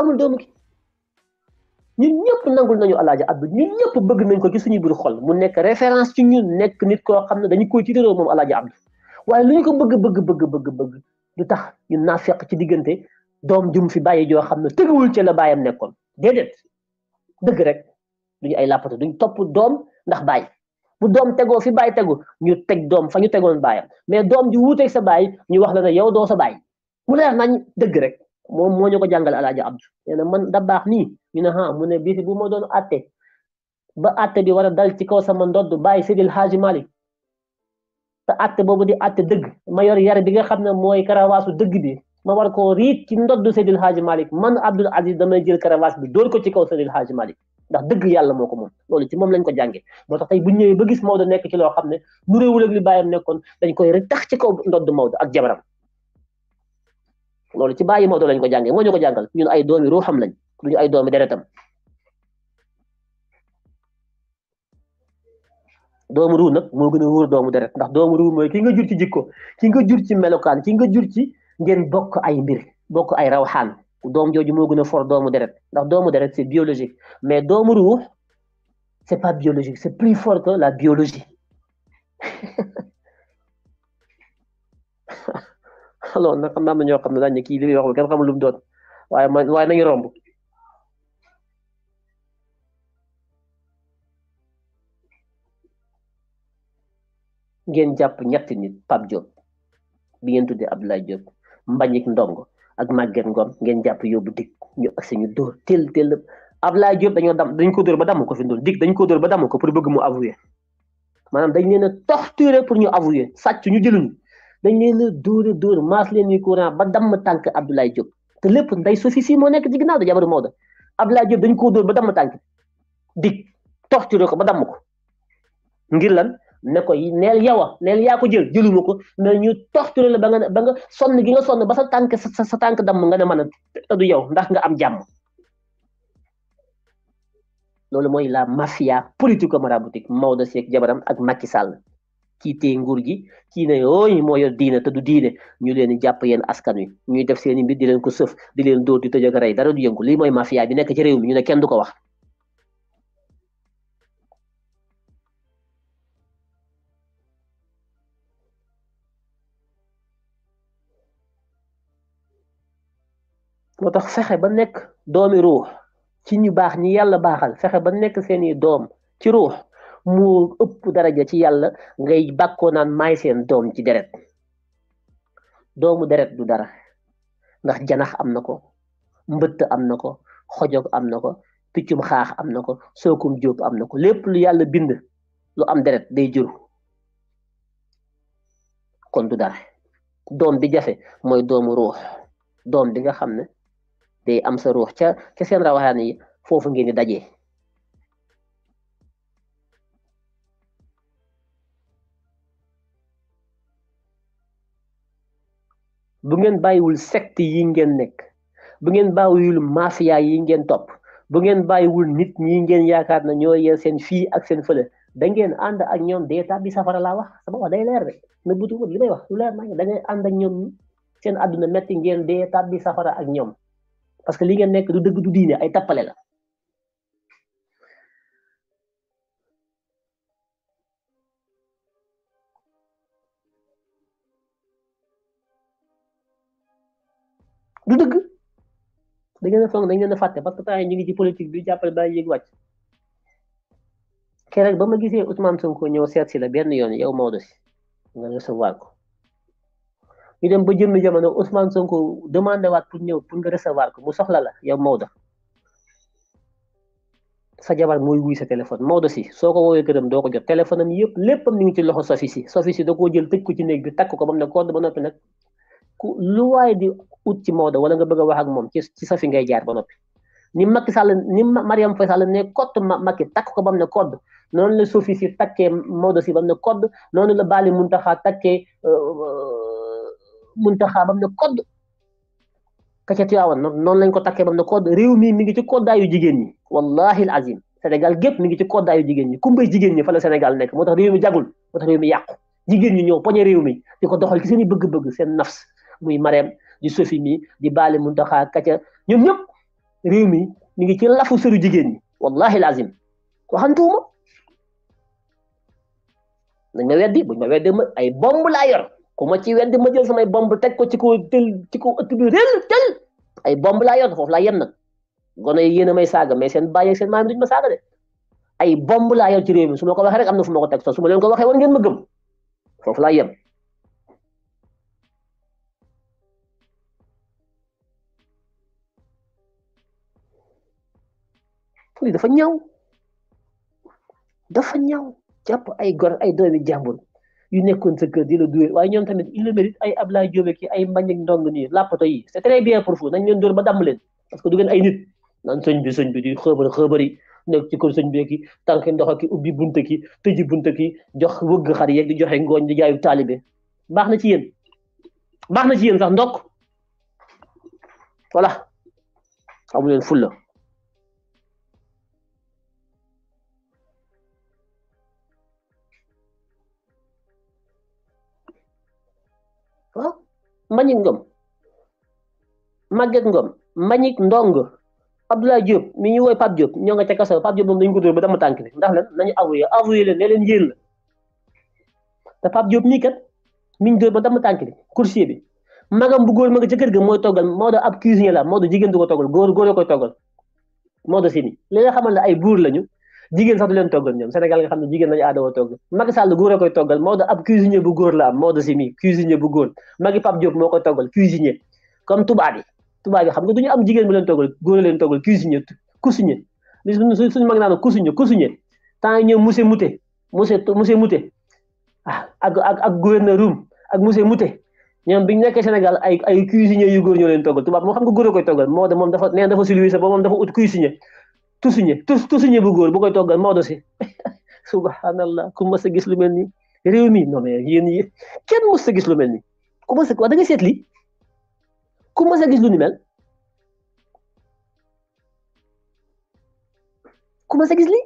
amul doomu ñun ñëpp nangul nañu alaaji abdu ñun ñëpp bëgg nañ ko ci suñu biir xol mu nekk référence ci ñun nekk nit koo xam ne dañu koy ci réew moom alaaji abdu waaye lu ñu ko bëgg bëgg bëgg bëgg bëgg du tax ñun naa fekk ci diggante doom jum fi bàyyi joo xam ne tëgawul ci la bàyyam nekkoon déedéet dëgg rek duñu ay làppatu duñ topp doom ndax bàyyi bu doom tegoo fi bàyyi tegu ñu teg doom fa ñu tegoon bàyyam mais doom ji wuuteeg sa baay ñu wax la ne yow doo sa baay mu leer nañ dëgg rek moom moo ñu ko jàngal alaaji abdu nee na man da baax nii ñu ne ah mu ne bis bu ma doon atte ba atte bi war dal ci kaw sama ndodd bàyyi sidil xaaji malik te atte boobu di atte dëgg ma yor yar bi nga xam ne mooy karawaasu dëgg bi ma war ko riit ci ndodd sidil xaaji malik man abdul aziz damay jël karawaas bi door ko ci kaw sidil xaaji malik ndax dëgg yàlla moo ko moom loolu ci moom lañ ko jàngee moo tax tey bu ñëwee ba gis Maodo nekk ci loo xam ne nu réewul ak li bàyyam nekkoon dañ koy rek tax ci kaw ndodd Maodo ak jabaram loolu ci bàyyi Maodo lañ ko jàngee moo ñu ko jàngal ñun ay doomi ruuxam lañ ñu ay doomi deretam doomu ruu nag moo gën a wóor doomu deret ndax doomu ruu mooy ki nga jur ci jikko ki nga jur ci ki nga jur ci bokk for c'est biologique mais doomu c'est pas biologique c'est plus fort que la biologie loolu nak xamna ñoo xamna dañ ki li wax kan xamul lu doot waye waaye man waaye nañu romb. ngeen japp ñetti nit pap job bi ngeen tuddé abdoulay job mbagnik Ndongo ak Maguette Ngom ngeen japp yobu dik ñu ak seen do tel tel abdoulay job dañu dam dañ ko dóor ba dam ko fi ndul dik dañ ko dóor ba dam ko pour bëgg mu avouer manam dañ leena torturer pour ñu avouer sàcc ñu jëluñu dañ leen a dóor a dóor maas leen ni courant ba damm tànk Abdoulaye Diop te lépp nday Sophie si moo nekk ci ginnaaw da jabaru Maodo Abdoulaye Diop dañ koo dóor ba damm tànk di torturé ko ba damm ko ngir lan ne ko neel yowa neel yaa ko jël jëluma ko mais la ba nga ba nga sonn gi nga sonn ba sa tànk sa sa tànk damm nga ne mën a te du yow ndax nga am jàmm loolu mooy la mafia politico maraboutique Maodo Seck jabaram ak Macky Sall kii téye nguur gi kii ne ooy moo yor diine te du diine ñu leen di jàpp yéen askan wi ñuy def seeni i mbir di leen ko sëf di leen dóor di tëj ak rey dara du yëngu li mooy mafia bi nekk ci réew mi ñu ne kenn du ko wax. moo tax fexe ba nekk doomi ruux ci ñu baax ñi yàlla baaxal fexe ba nekk seeni doom ci ruux. moo ëpp daraja ci yàlla ngay bàkkoo naan maay seen doom ci deret doomu deret du dara ndax janax am na ko mbëtt am na ko xojog am na ko piccum xaax am na ko sookum jóob am na ko lépp lu yàlla bind lu am deret day jur kon du dara doom bi jafe mooy doomu ruux doom bi nga xam ne day am sa ruux ca ca seen rawaxaan yi foofu ngeen di daje bu ngeen bàyyiwul secte yi ngeen nekk bu ngeen bàyyiwul mafia yi ngeen topp bu ngeen bàyyiwul nit ñi ngeen yaakaar na ñoo yee seen fii ak seen fële da ngeen ànd ak ñoom dee tàbbi safara laa wax sama wax day leer rek na butu wut li may wax lu leer da ngay ànd ak ñoom seen àdduna metti ngeen dee tàbbi safara ak ñoom parce que li ngeen nekk du dëgg du diine ay tappale la da ngeen a dañ leen fàtte parce que temps ñu ngi ci politique bi jàppale ba yéeg wàcc keroog ba ma gisee Ousmane ko ñëw seet si la benn yoon yow Maodo si nga recevoir ko ñu dem ba jëmmi jamono Ousmane Sonko demandé waat pour ñëw pour nga recevoir ko mu soxla la yow Maodo sa jabar mooy wuy sa téléphone Maodo si soo ko woowee këram doo ko jot téléphone am yëpp léppam ni ngi ci loxo Sofi si Sofi si da koo jël tëj ko ci néeg bi takk ko ba mu ne ko ba noppi nag ku lu waaye di ut ci Maodo wala nga bëgg a wax ak moom ci ci safi ngay jaar ba noppi ni Macky Sall ni Mariam Faye Sall ne kott Macky takk ko bam ne kodd noonu la Sophie si takkee Maodo si ba mu ne kodd noonu la Bali Muntaxa takkee euh, euh, Muntaxa ba mu ne kodd kaca Tiwaawan noonu lañ ko takkee ba mu ne kodd réew mi mi ngi ci koddaayu jigéen ñi wallahi azim Sénégal gépp mi ngi ci koddaayu jigéen ñi kumbay jigéen ñi fa la Sénégal nekk moo tax réew mi jagul moo tax réew mi yàqu jigéen ñi ñëw poñe réew mi di ko doxal ci seen i bëgg-bëgg seen nafs muy Marème di Sophie mi di Baali Muntaxa Kaca ñun ñëpp réew mi mi ngi ci lafu sëru jigéen ñi wallahi lazim waxantuuma nañ ma weddi buñ ma weddi ma ay bomb laa yor ku ma ci weddi ma jël samay bomb teg ko ci ko tël ci ko ëtt bi réel tël ay bomb laa yor foofu laa na nag gone yi yéen a may saaga mais seen bàyyi seen maam duñ ma saaga de ay bomb laa yor ci réew mi su ko waxee am na fu ma ko teg sax ma leen ko waxee war ngeen ma gëm foofu laa yem lii dafa ñaw dafa ñaw jàpp ay gor ay doomi jàmbur yu nekkoon sa kër di la duwee waaye ñoom tamit il le mérite ay Ablaye Diop ki ay Mbagnick Ndong nii làppato yi c'est très bien pour vous nañ leen dóor ba damm leen parce que du ngeen ay nit naan sëñ bi sëñ bi di xëbër xëbër yi nekk ci kër sëñ bi ki tànk ndox ki ubbi bunta ki tëji bunta ki jox wëgg xar yeeg di joxe ngooñ di jaayu taalibe baax na ci yéen baax na ci yéen sax ndokk voilà amu leen fulla manik Ngom Maguette Ngom manik Ndong abdullah Diop mi ñu woy pap Diop ñoo nga ca kaso pap Diop mom dañ ko dóor ba dama tànk ndax lan nañu avoué avoué leen ne len yéen la te Pape Diop kat mi ñu ba dama bi coursier bi magam bu góor ma nga ca kër ga moy togal modo ab cuisinier la modo jigen du ko togal góor góor ko togal modo si li nga xamal ay bour lañu jigéen sax du leen toggal ñoom Sénégal nga xam ne jigéen lañu aadawoo togg Macky Sall góor a koy toggal Maodo ab cuisinier bu góor la am Maodo si mi cuisinier moo koy xam nga duñu am jigéen bi leen toggal tubaab ah, moo xam nga góor a koy toggal Maodo moom dafa neen dafa silui sa boo moom dafa ut cuisinier tusuñe tus tusuñe bu góor bu koy toggal Maodo si subhanallah ku mës a gis lu mel ni réew mi non mais yéen yéen kenn mës a gis lu mel ni ku mës a wax da gis lu ni mel ku mës a gis lii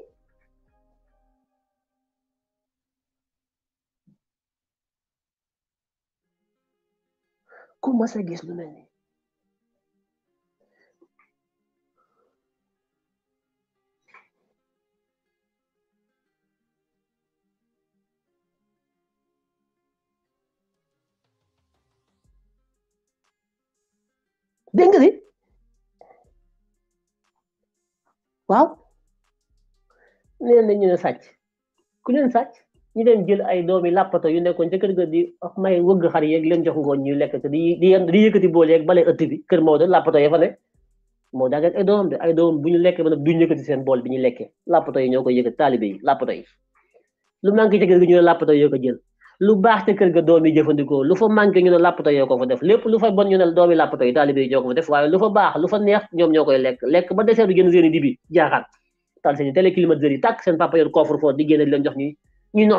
ku mës lu mel dégg nga di waaw nee na ñu ne sàcc ku leen sàcc ñu leen jël ay doomi làppato yu nekkoon ca ga di may wëgg xar yeeg leen jox ngooñ ñuy lekk di di di yëkkati bool yeeg bale ëtt bi kër Maodo làppato ya fa ne moo daa ay doom de ay doomam bu ñu lekkee ba nag duñu yëkkati seen bool bi ñu lekkee làppato yi ñoo koy yëkkati taalibe yi làppato yi lu manqué ca kër ga ñu ne yoo ko jël lu baax te kër ga doom yi jëfandikoo lu fa manqué ñu ne làppato yoo ko def lépp lu fa bon ñu ne doom yi làppato yi taalibe ñoo ko fa def waaye lu fa baax lu fa neex ñoom ñoo koy lekk lekk ba deseetu génn seeni dibi jaaxaat tal seeni télé climatiseur yi tàkk seen papa yor coffre fort di génne di leen jox ñuy ñu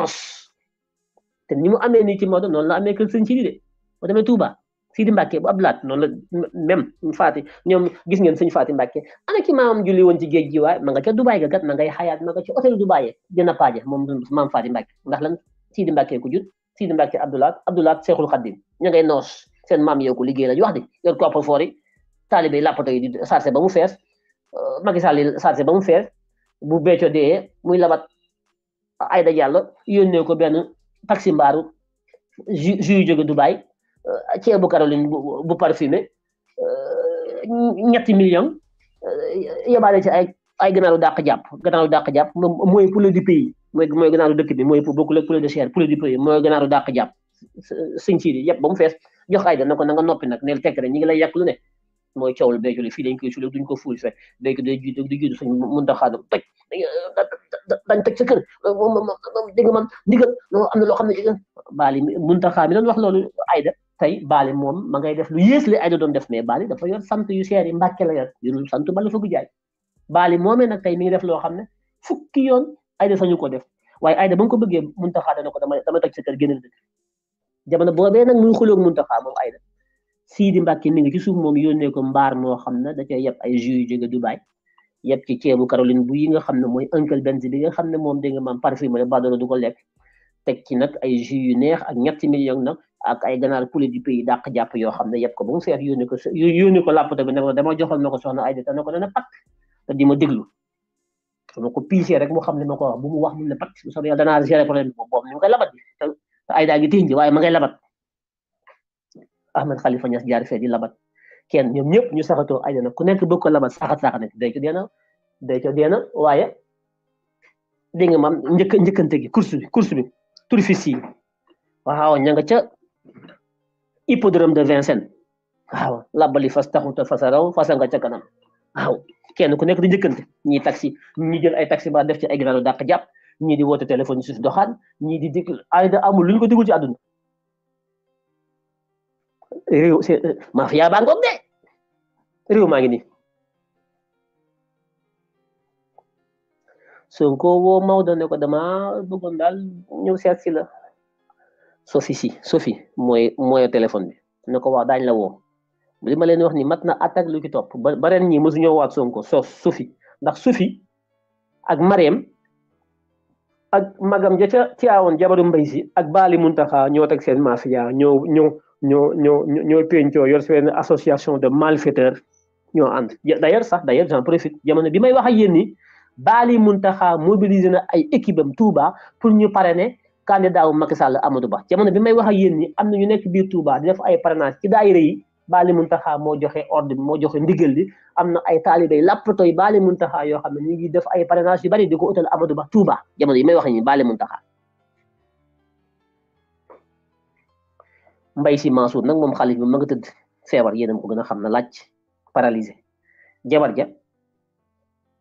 te ni mu amee nii ci Maodo noonu la amee kër sëñ Sidi de ba demee Touba Sidi Mbacke bu Abdoulaat noonu la même Faati ñoom gis ngeen sëñ Faati Mbacke ana ki maamam woon ci géej gi waaye ma nga ca Dubaay ga gat ma ngay xayaat ma nga ci hôtel Dubaay dina paaje moom maam Faati Mbacke ndax Sidi Mbacke ku jut Sidi Mbacke Abdoulaat Abdoulaat Seexul Xaddim ña ngay noos seen maam yow liggéey lañu wax de yor koppar foor yi taalibe yi làppato ba mu fees euh, Macky Sall yi sarse ba mu fees bu becco dee muy labat da Diallo yónnee ko benn taxi mbaaru ju ju jóge Dubaï euh, ceebu Caroline bu parfumé euh, ñetti million yebaale ci ay ay gannaaru dàq jàpp mooy pour le du pays mooy mooy ganaaru dëkk bi mooy bokkul ak poulet de yëpp ba mu fees jox ay da na ko na nga noppi nag neel tekk rek ñi ngi lay yàq lu ne mooy coowul béykat yi fii dañ koy suul duñ ko fuul fekk béykat day jiitu di jiitu suñ mun a xaar toj dañ toj sa kër dégg nga doon wax loolu ayda tey baali moom ma ngay def lu yées li ayda doon def mais baali dafa yor sant yu seer yi mbàkke la yor yorul sant bala fa gu jaay baali moomee nag tey mi ngi def loo xam ne fukki yoon Aida sañu ko def waaye Aida ba mu ko bëggee Muntaxa dana ko dama dama toj sa kër génn dëkk jamono boobee nag muy xuloog Muntaxa moom Aida Sidi Mbacke mi ngi ci suuf moom yónnee ko mbaar moo xam ne da cee yeb ay jus yu jóge Dubaï ci ceebu Caroline bu yi nga xam ne mooy Uncle Benz bi nga xam ne moom dégg nga maam parfumé la badoolo du ko lekk teg ci nag ay jus yu neex ak ñetti million na ak ay ganaar poulet du pays dàq jàpp yoo xam ne yeb ko ba mu seet yónnee ko yónnee ko làppato bi ne ko dama ko soxna Aida te ko dana pat te ma déglu dama ko pisé rek mu xam ni mako wax bu mu wax mu ne pat bu sama yalla dana géré problème bi ni ma labat te ay daa tinji waye ma ngay labat Ahmed Khalifa ñass jaar fe di labat kenn ñom ñëpp ñu saxato ay dana ku nekk bëgg labat saxat saxat nekk day ci dina day ci dina waye di nga mam njëkk njëkkante gi course bi course bi turfis waaw ña nga ca hippodrome de Vincennes waaw labali fas taxuta fasa raw fasa nga ca kanam waaw kenn ku nekk di njëkkante ñii taxi ñii jël ay taxi ba def ci ay grado dàq jàpp ñii di woote téléphone yi doxaan ñii di dikk ayda amul lu ñu ko digul ci àdduna euh, réew maa ngi nii Sonko woo Maodo ne ko dama bëggoon daal ñëw seet si la Sophie si Sophie mooy mooy téléphone bi ne ko wax daañ la woo li ma leen wax ni mat na attaque lu ki topp ba bareen ñi mësuñoo waat Sonko sos sufi ndax sufi ak Marème ak magam ja ca ciyaawoon jabaru mbay si ak baali muntaxaa ñoo teg seen mafia ñoo ñoo ñoo ñoo ñoo pencoo yor seen association de malfaiteurs ñoo ànd d'ailleurs sax d'ailleurs j'en profite jamono bi may wax ak yéen ni baali muntaxaa mobilisé na ay équipe am pour ñu parrainer candidat wu Macky Sall Amadou Ba jamono bi may wax ak yéen ni am na ñu nekk biir Touba di def ay parrainage ci daayira yi mun muntaxaa moo joxe ordre moo joxe ndigal li am na ay taalibéy lappatoy mun muntaxaa yoo xam ne ñu def ay parrainage yu bari di ko utal Amadou Ba Touba jamono yi may wax nii baali muntaxaa mbay si Mansour nag moom xaalis bi ma nga tëdd feebar yéen ko gën a xam na laaj paralysé jabar ja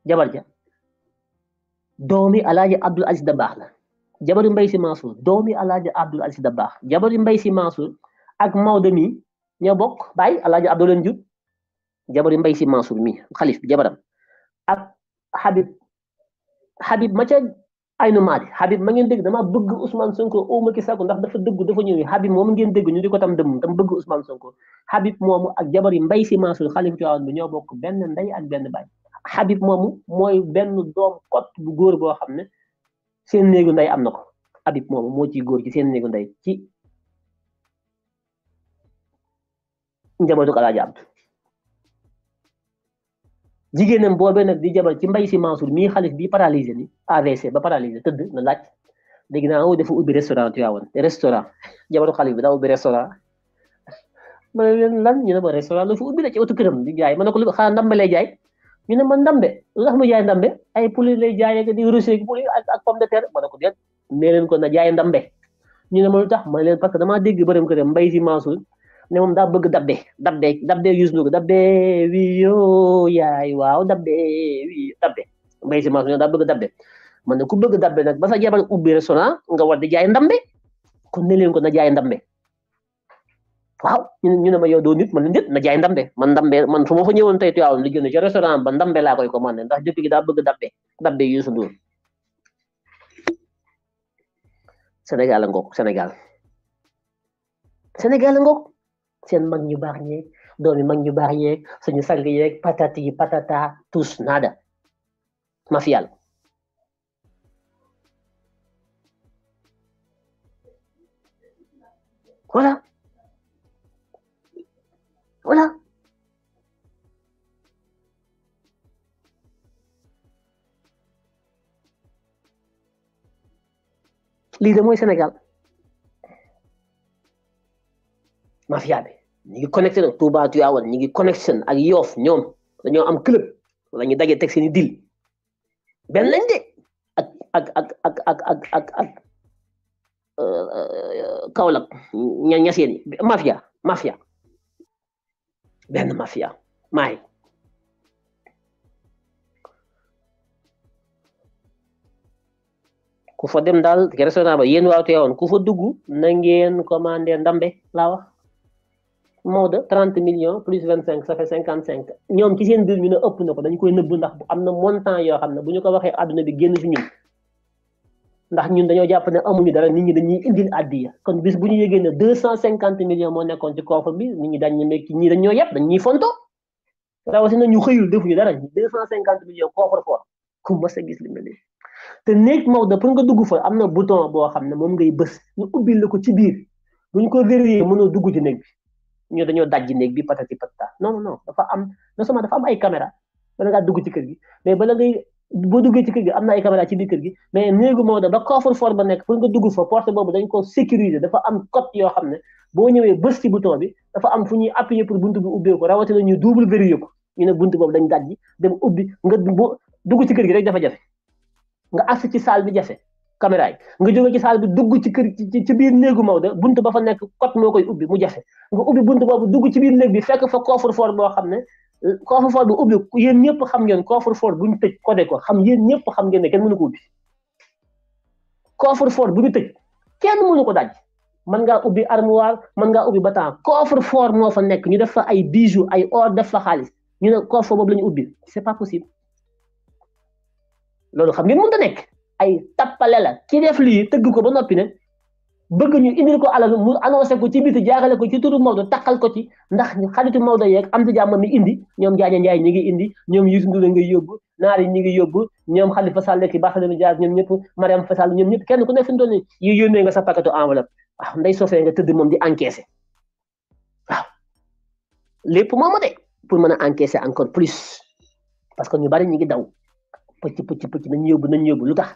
jabar ja doomi alaaji Abdoul Aziz Dabakh la jabaru mbay si Mansour doomi alaaji Abdoul baax Dabakh jabaru mbay si Mansour ak Maodo mi ñoo bokk baay alaaji ju Ndiour jabari mbay si Mansour mi xalif bi jabaram ak Habib Habib ma ca aynu maadi Habib ma ngeen dégg dama bëgg Ousmane Sonko o ma ki sàkku ndax dafa dëgg dafa ñëw Habib moom ngeen dégg ñu di tam dëmm tam bëgg Ousmane Sonko Habib moomu ak jabari mbay si Mansour xalif Tiwaawan bi ñoo bokk benn ndey ak benn baay xabit moomu mooy benn doom kot bu góor goo xam ne seen néegu ndey am na ko Habib moomu moo ciy góor ci seen néegu ndey ci njabootu alaaji abdu jigéenam boobee nag di jabar ci mbay si Mansour mii xalif bi paralysé ni AVC ba paralysé tëdd na laaj léegi naa woo oh, dafa ubbi restaurant Tivaouane restaurant jabaru xalif bi daa ubbi restaurant ma ñu ne ma restaurant la fa ubbi la ci otu jaay ma ne ko lu xanaa ndambe lay jaay ma ndambe lu mu jaay ndambe ay poulet lay jaay ak di rusé ak poulet ak pomme de terre ma ko déet nee ko na jaay ndambe ñu ne ma lu tax ma ne leen parce que damaa dégg borom këram mbay si Mansour ne moom daa bëgg dabbe dabbe dabbe Youssou Ndour dabbe wi yoo waaw dabbe wi dabbe Mbaye bëgg dabbe man ne ku bëgg dabbe nag ba sa jabar ubbi restaurant nga war di jaay ndambe kon ne leen ko na jaay ndambe waaw ñu ne ma yow doo nit man jaay ndambe man ndambe man fu ma fa ñëwoon tey tuyaawoon li jënd ci ba ndambe laa koy daa bëgg dabbe dabbe Youssou Ndour Sénégal a ngoog seen mag ñu baax ñeeg doomi mag ñu baax yeeg suñu patati patata tous nada mafial voilà voilà L'idée de mooy Sénégal mafia ñu ngi connecté nag Touba Tivaouane ñu ngi connection ak Yoff ñoom dañoo am club wala ñu daje teg seeni benn lañ de ak ak ak ak ak ak ak ak euh, mafia mafia benn mafia maay ku fa dem daal restaurant ba yéen waa Tivaouane ku fa dugg na ngeen commandé ndambe laa moo de trente millions plus vingt cinq ça fait cinquante cinq ñoom ci seen biir ñu ne ëpp na ko dañ koy nëbb ndax am na montant yoo xam na bu ñu ko waxee àdduna bi génn si ñun ndax ñun dañoo jàpp ne amuñu dara nit ñi dañuy indil àddiya kon bis bu ñu yégee ne deux cent cinquante millions moo nekkoon ci coffre bi nit ñi dañ ñu mekk ñii dañ ñoo yàpp dañ ñuy fonto rawatina ñu xëyul defuñu dara deux cent cinquante millions coffre fort ku mas gis li nii te néeg Maodo pour nga dugg fa am na bouton boo xam ne moom ngay bës ñu ubbil la ko ci biir bu ñu ko vérifié mënoo dugg ci néeg bi ñoo dañoo dajji néeg bi patati patata non non dafa am non seulement dafa am ay caméra bala ngaa dugg ci kër gi mais bala ngay boo duggee ci kër gi am na ay caméra ci biir kër gi mais néegu Maodo ba coffre fort ba nekk foo nga dugg fa porte boobu dañ ko sécuriser dafa am code yoo xam ne boo ñëwee bësti ci bouton bi dafa am fu ñuy appuyer pour buntu bi ubbeeku rawatina ñu double verrouillé ko ñu ne buntu boobu dañ dajji dem ubbi nga dugg ci kër gi rek dafa jafe nga àgg ci salle bi jafe. caméra nga jóge ci salle bi dugg ci kër ci ci biir néegu Maodo bunt ba fa nekk kot moo koy ubbi mu jafe nga ubbi bunt boobu dugg ci biir néeg bi fekk fa coffre-fort boo xam ne euh, coffre-fort bu ubbi yéen ñëpp xam ngeen coffre-fort bu ñu tëj codé ko xam yéen ñëpp xam ngeen ne kenn mënu ko ubbi coffre-fort bu ñu tëj kenn mënu ko daj man ngaa ubbi armoire man ngaa ubbi batan coffre-fort moo fa nekk ñu def fa ay bijoux ay or def fa xaalis ñu ne coffre boobu la ñu ubbi c'est pas possible loolu xam ngeen mënta nekk. ay tappale la ki def lii tëgg ko ba noppi ne bëgg ñu indil ko alal mu annoncé ko ci biti jaarale ko ci turu Maodo takkal ko ci ndax ñu xaritu Maodo yeeg am di jàmm mi indi ñoom Jaaja Njaay ñi ngi indi ñoom Youssou Ndour ngay yóbbu naar yi ñi ngi yóbbu ñoom Khalifa Sall ki Barthélémy Dias ñoom ñëpp Mariam Fassal ñoom ñëpp kenn ku ne fi mu toll nii yi yónnee nga sa paquetu enveloppe waaw nday sofee nga tëdd moom di encaissé waaw lépp moomu pour mën a encaissé encore plus parce que ñu bari ñi ngi daw pëcc pëcc pëcc nañu lu tax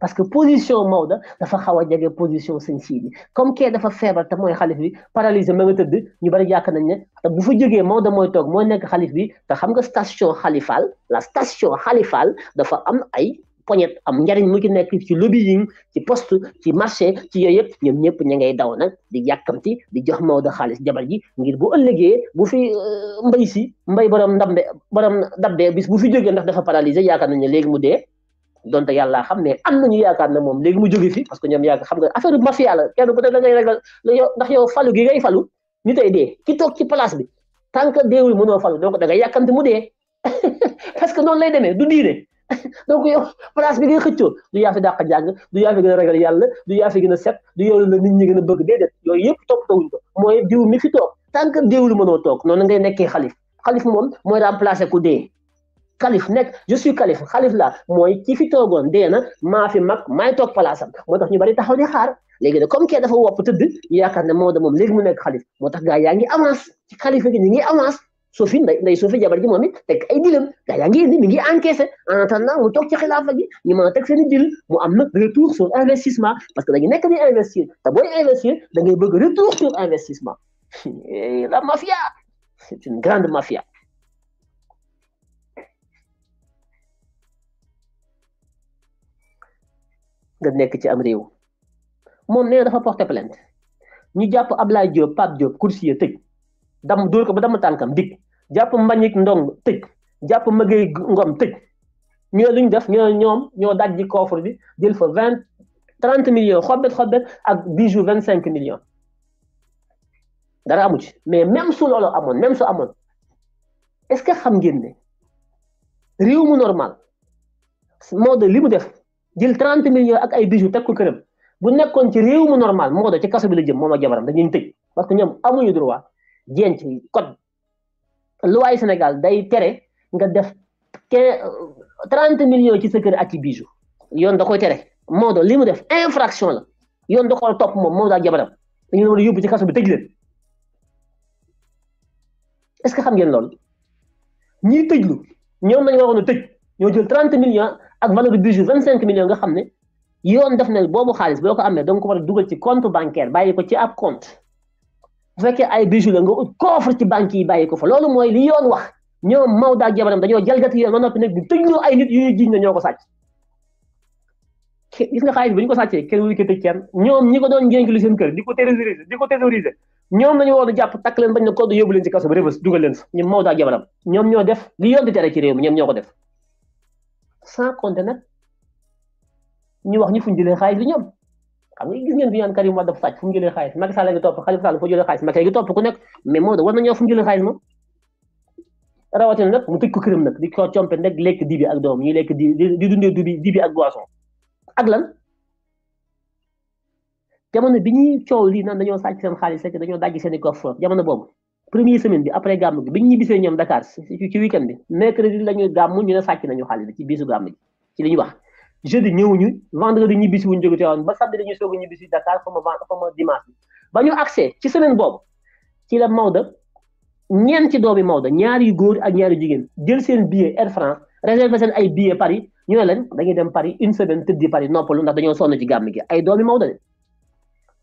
parce que position Maodo hein, dafa xaw a jege position sëñ Sidi comme kee dafa feebar te mooy xalif bi paralysé ma nga tëdd ñu bari yaakaar nañ ne te bu fa jógee Maodo mooy toog mooy nekk xalif bi te xam nga station xalifal la station xalifal dafa am ay poñet am njariñ mu ci nekk ci lobbying ci poste ci marché ci yooyu yëpp ñoom ñëpp ña ngay daw nag di yàkkamti di jox Maodo xaalis jabar ji ngir bu ëllëgee bu fi euh, mbay si mbay borom ndambe borom dabbe bis bu fi jógee ndax dafa paralyser yaakaar nañ ne léegi mu dee donte yàlla xam ne am na nañu yaakaar ne moom léegi mu jóge fi parce que ñoom yaakaar xam nga affaire mafia la kenn ku ne ndax yow falu gi ngay falu ni tey dee ki toog ci place bi tant que deewul mënoo falu donc da ngay yàkkamti mu dee parce que noonu lay demee du diine donc yow bi ngay xëccoo du yaa fi dàq jàng du yaa fi gën yàlla du set yow la nit ñi gën bëgg déedéet yooyu yëpp toppatawuñ mooy diw mi fi toog tant que deewul mënoo toog noonu ngay nekkee xalif xalif moom mooy remplacer ku dee kalif nek je suis kalif khalif la moy ki fi togon de na ma fi mak may tok place am motax ñu bari taxaw di xaar legui nag comme ke dafa wop tëdd yaakaar ne moo mom legui mu nek khalif motax tax yaangi avance ci khalif gi ni ngi avance suufi nday nday suufi jabar ji moom ay dilam gaa yaa ngi ngi encaisser en attendant mu tok ci xilaafa gi ni ma tek teg seen dil mu am nag retour sur investissement parce que dañu nek ni investir te boy investir da ngay bëgg retour sur investissement eh, la mafia c'est une grande mafia nga nekk ci am réew moom nee dafa porté plainte ñu jàpp Ablaye Diop Pape Diop coursier tëj dam dóor ko ba dama tànkam dig jàpp Mbagnick Ndong tëj jàpp Maguette Ngom tëj ñu ne def ñu ñoom ñoo daj ji coffre bi jël fa vingt trente millions xobet xobet ak jours vingt cinq million dara amu ci mais même su loolu amoon même su amoon est ce que xam ngeen ne réew mu normal moo de li mu def. jël 30 million ak ay bijoux teg ko këram bu nekkoon ci réew mu normal moo do ci kaso bi la jëm moom ak jabaram dañuy tëj parce que ñoom amuñu droit jenc code loi Sénégal day tere nga def quinze 30 millions ci sa kër ak ci bijoux yoon da koy tere moo li mu def infraction la yoon da ko topp moom moo do ak jabaram dañu war a yóbbu ci kaso bi tëj leen est-ce que xam ngeen loolu ñiy tëjlu ñoom nañu waroon a tëj ñoo jël 30 millions. ak valeur budget vingt cinq millions nga xam ne yoon def na boobu xaalis boo ko amee da nga war a dugal ci compte bancaire bàyyi ko ci ab compte bu fekkee ay bijou la nga ut coffre ci banque bàyyi ko fa loolu mooy li yoon wax ñoom Maodo ak jabaram dañoo jalgati yoon ba noppi nag di ay nit yu ñuy jiñ ñoo ko sàcc bi ñu ko sàccee kenn wuñu ko tëj kenn ñoom ñi ko doon njëkkil seen kër di ko terroriser di ko a ñoo def li yoon di tere ci réew mi ñoom ñoo ko def sans compter nag ñu wax ñu fu ñu jëlee xaalis bi ñoom xam nga gis ngeen fi ñaan Karim Wade dafa sàcc fu mu jëlee xaalis Macky Sall ngi topp Khalifa Sall fu jëlee xaalis Macky ngi topp ku nekk mais moo da war xaalis moom rawatina nag mu tëj ko këram nag di ko compé nag lekk dibi ak doom ñuy lekk di di dundee dibi dibi ak boisson ak lan jamono bi ñuy coow lii naan dañoo sàcc seen xaalis rek dañoo dajji seen i coffre jamono boobu première semaine bi après gàmm gi bi ñu ñibbisee ñoom Dakar ci weekend bi mercredi la ñuy gàmm ñu ne sàcc nañu xaalis bi ci biisu gàmm gi ci li ñu wax jeudi ñëwuñu vendredi ñibbisi wuñu jóge Tiwaawan ba samedi dañuy soog a ñibbisi Dakar fa ma fa ba ñu accès ci semaine boobu ci la Maodo ñeent ci doomi Maodo ñaari góor ak ñaar jigéen jël seen billet Air France réservé seen ay billet Paris ñu ne leen dañuy dem Paris une semaine tëddi Paris noppalu ndax dañoo sonn ci gàmm gi ay doomi Maodo de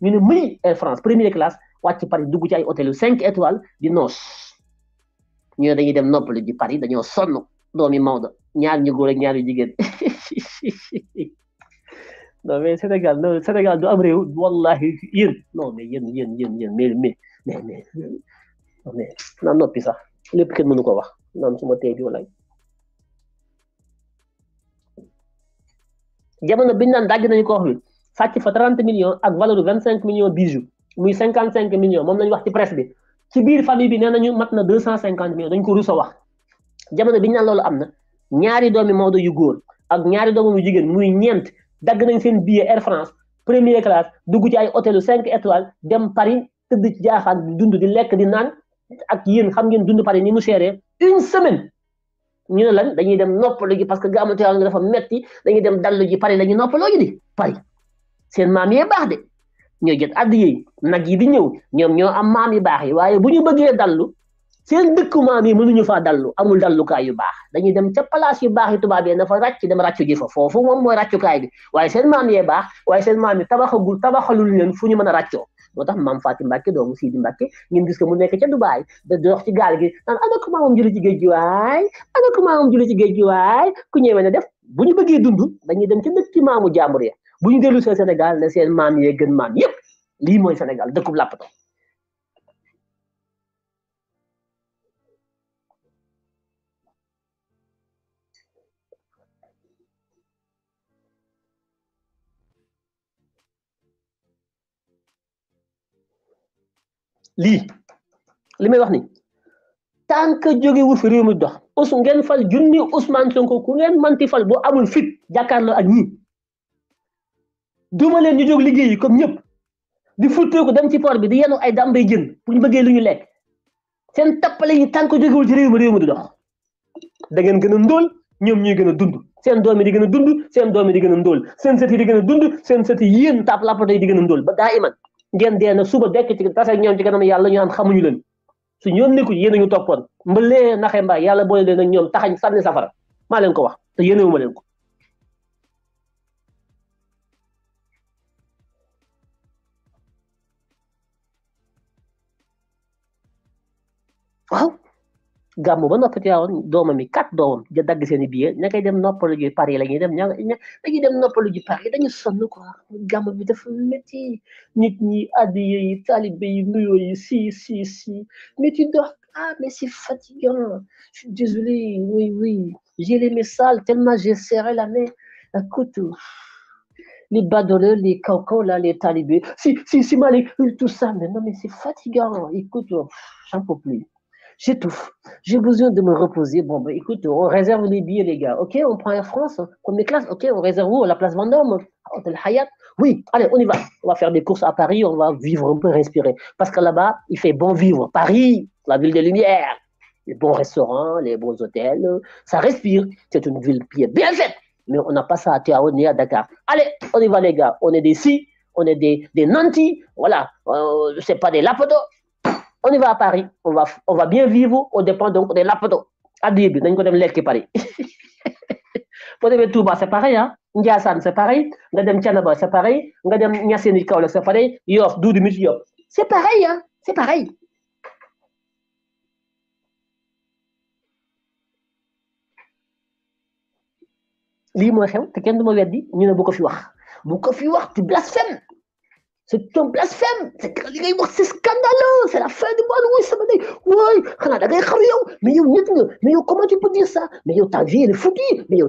ñu ne muy Air France première classe wàcc Paris dugg ci ay hôtel yu cinq étoiles di noos ñu não dañuy dem noppalu ji Paris dañoo sonn doomi Maodo ñaar ñu góor ak ñaar não jigéen non mais Sénégal non Sénégal du am réew wallahi yéen non mais yéen yéen yéen yéen mais mais mais mais mais naa noppi sax lépp kenn mënu ko wax naan su ma tey bi walaay jamono biñ naan dagg nañu ko wax bi não fa trente millions ak valeur vingt cinq millions bijoux muy cinquante cinq millions moom lañu wax ci presse bi ci biir famille bi nee nañu mat na deux cent cinquante millions dañ ko rusa wax jamono bi ñu naan loolu am na ñaari doomi Maodo yu góor ak ñaari doomam yu jigéen muy ñeent dagg nañ seen billet Air France première classe dugg ci ay hôtelu cinq étoiles dem Paris tëdd ci jaaxaan dund di lekk di naan ak yéen xam ngeen dund Paris ni mu seeree une semaine ñu ne lan dañuy dem noppalu ji parce que gàmmu Tiwaawan gi dafa metti dañuy dem dallu ji par la ñuy noppalu ji seen maam yee ñoo jot addiya yi nag yi di ñëw ñoom ñoo am maam yu baax yi waaye bu ñu bëggee dallu seen dëkku maam yi mënuñu faa dallu amul dallukaay yu baax dañuy dem ca place yu baax yi tubaab yi na fa ràcc dem ràccu ji fa foofu moom mooy ràccukaay bi waaye seen maam yee baax waaye seen maam yi tabaxagul tabaxalul leen fu ñu mën a raccoo moo tax maam Faati Mbàkke doomu Sidi Mbàkke ngeen gis ko mu nekk ca Dubaay da dox ci gaal gi naan ana ko maamam julli ci géej gi waay ana ko maamam ci géej gi waay ku ñëwee na def bu ñu bëggee dund dañuy dem ca dëkki maamu jàmbur ya bu ñu dellu see Sénégal ne seen maan yee gën maam yëpp lii mooy Sénégal dëkkub làppato lii li may wax ni tant que jóge wu fi réew mi dox us ngeen fal junni Ousmane Sonko ku ngeen manti fal boo amul fit jàkkaarloo ak ñii duma leen ñu jóg liggéey yi comme ñëpp di futteeku dem ci port bi di yenu ay dambay jën pour ñu bëggee lu ñu lekk seen tappale yi tànk jógewul ci réew mi réew mi du dox da ngeen gën a ndóol ñoom ñuy gën a dund seen doom yi di gën a dund seen doom yi di gën seen sët yi di gën a dund seen sët yi yéen tàpp di gën a ba daa iman ngeen dee nag suba dekk ci ñoom ci kanam yàlla ñu naan xamuñu leen su ñoon nekku yéen ñu toppoon mba lee mbaa yàlla boole leen ak ñoom taxañ sànni safara maa leen ko wax te yéenewuma leen ko waaw gàmmu ba noppi Tiwaawan doomam yi kat doom ja dagg seen i billet ña koy dem noppalu ji Paris la ñuy dem ña dañuy dem noppalu ji Paris dañu sonn quoi gàmmu bi dafa métti nit ñi addiye yi talibé yi nuyoo yi si si si métti dox ah mais c'est fatigant je suis désolé oui oui j'ai les messages tellement j'ai serré la main écoute les badoleurs, les cancans, là, les talibés, si, si, si, Malik, tout ça, mais non, mais c'est fatigant, écoute, j'en peux plus. J'étouffe. J'ai besoin de me reposer. Bon, ben, écoute, on réserve les billets, les gars. OK, on prend Air France, première classe. OK, on réserve où La place Vendôme, Hôtel Hayat. Oui, allez, on y va. On va faire des courses à Paris, on va vivre un peu, respirer. Parce que là-bas, il fait bon vivre. Paris, la ville des lumières. Les bons restaurants, les bons hôtels, ça respire. C'est une ville bien faite. Mais on n'a pas ça à Théao ni à Dakar. Allez, on y va, les gars. On est des si, on est des, des nantis. Voilà, euh, c'est pas des lapotos on y va à Paris on va on va bien vivre on dépend donc de la photo. Adieu, bi nañ ko dem lekki Paris boo demee Touba c'est pareil Hein? Ndiassane c'est pareil nga dem Thiénaba c'est pareil nga dem Niassène Kaolack c'est pareil Yoff Doudou Miti Yoff c'est pareil hein. c'est pareil Li mooy xew te kenn du ma weddi ñu ne bu ko fi wax bu ko fi wax tu blasphème c'est un blasphème, c'est scandaleux, c'est la fin du monde, oui, ça m'a dit, oui, mais mais comment tu peux dire ça Mais ta vie, elle est foutue, mais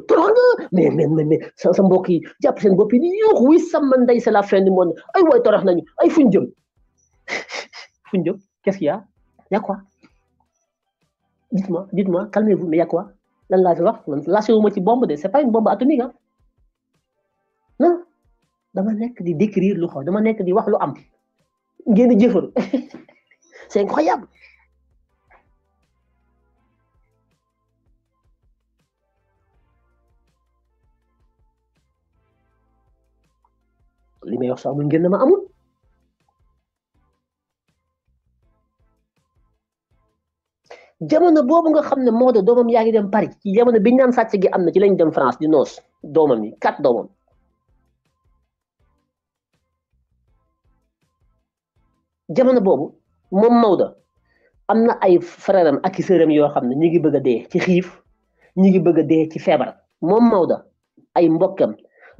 mais, mais, mais, mais, ça, ça tu as c'est une bopine, oui, ça me c'est la fin du monde, aïe, ouais, t'as rien, aïe, fundium. Fundium, qu'est-ce qu'il y a Il y a quoi Dites-moi, dites-moi, calmez-vous, mais il y a quoi Là, là, je vois, là, c'est une bombe, c'est pas une bombe atomique, hein. dama nekk di décrire lu xaw dama nekk di wax lu am ngeen di jëfaru c'est incroyable li may wax soo amul ngeen ma amul jamono boobu nga xam ne moo de doomam yaa ngi dem Paris ci jamono biñ naan sàcc gi am na ci lañ dem France di noos doomam yi kat doomam jamono boobu moom Maodo am na ay frère am ak i sœuram yoo xam ne ñu ngi bëgg a dee ci xiif ñu ngi bëgg a dee ci feebar moom Maodo ay mbokkam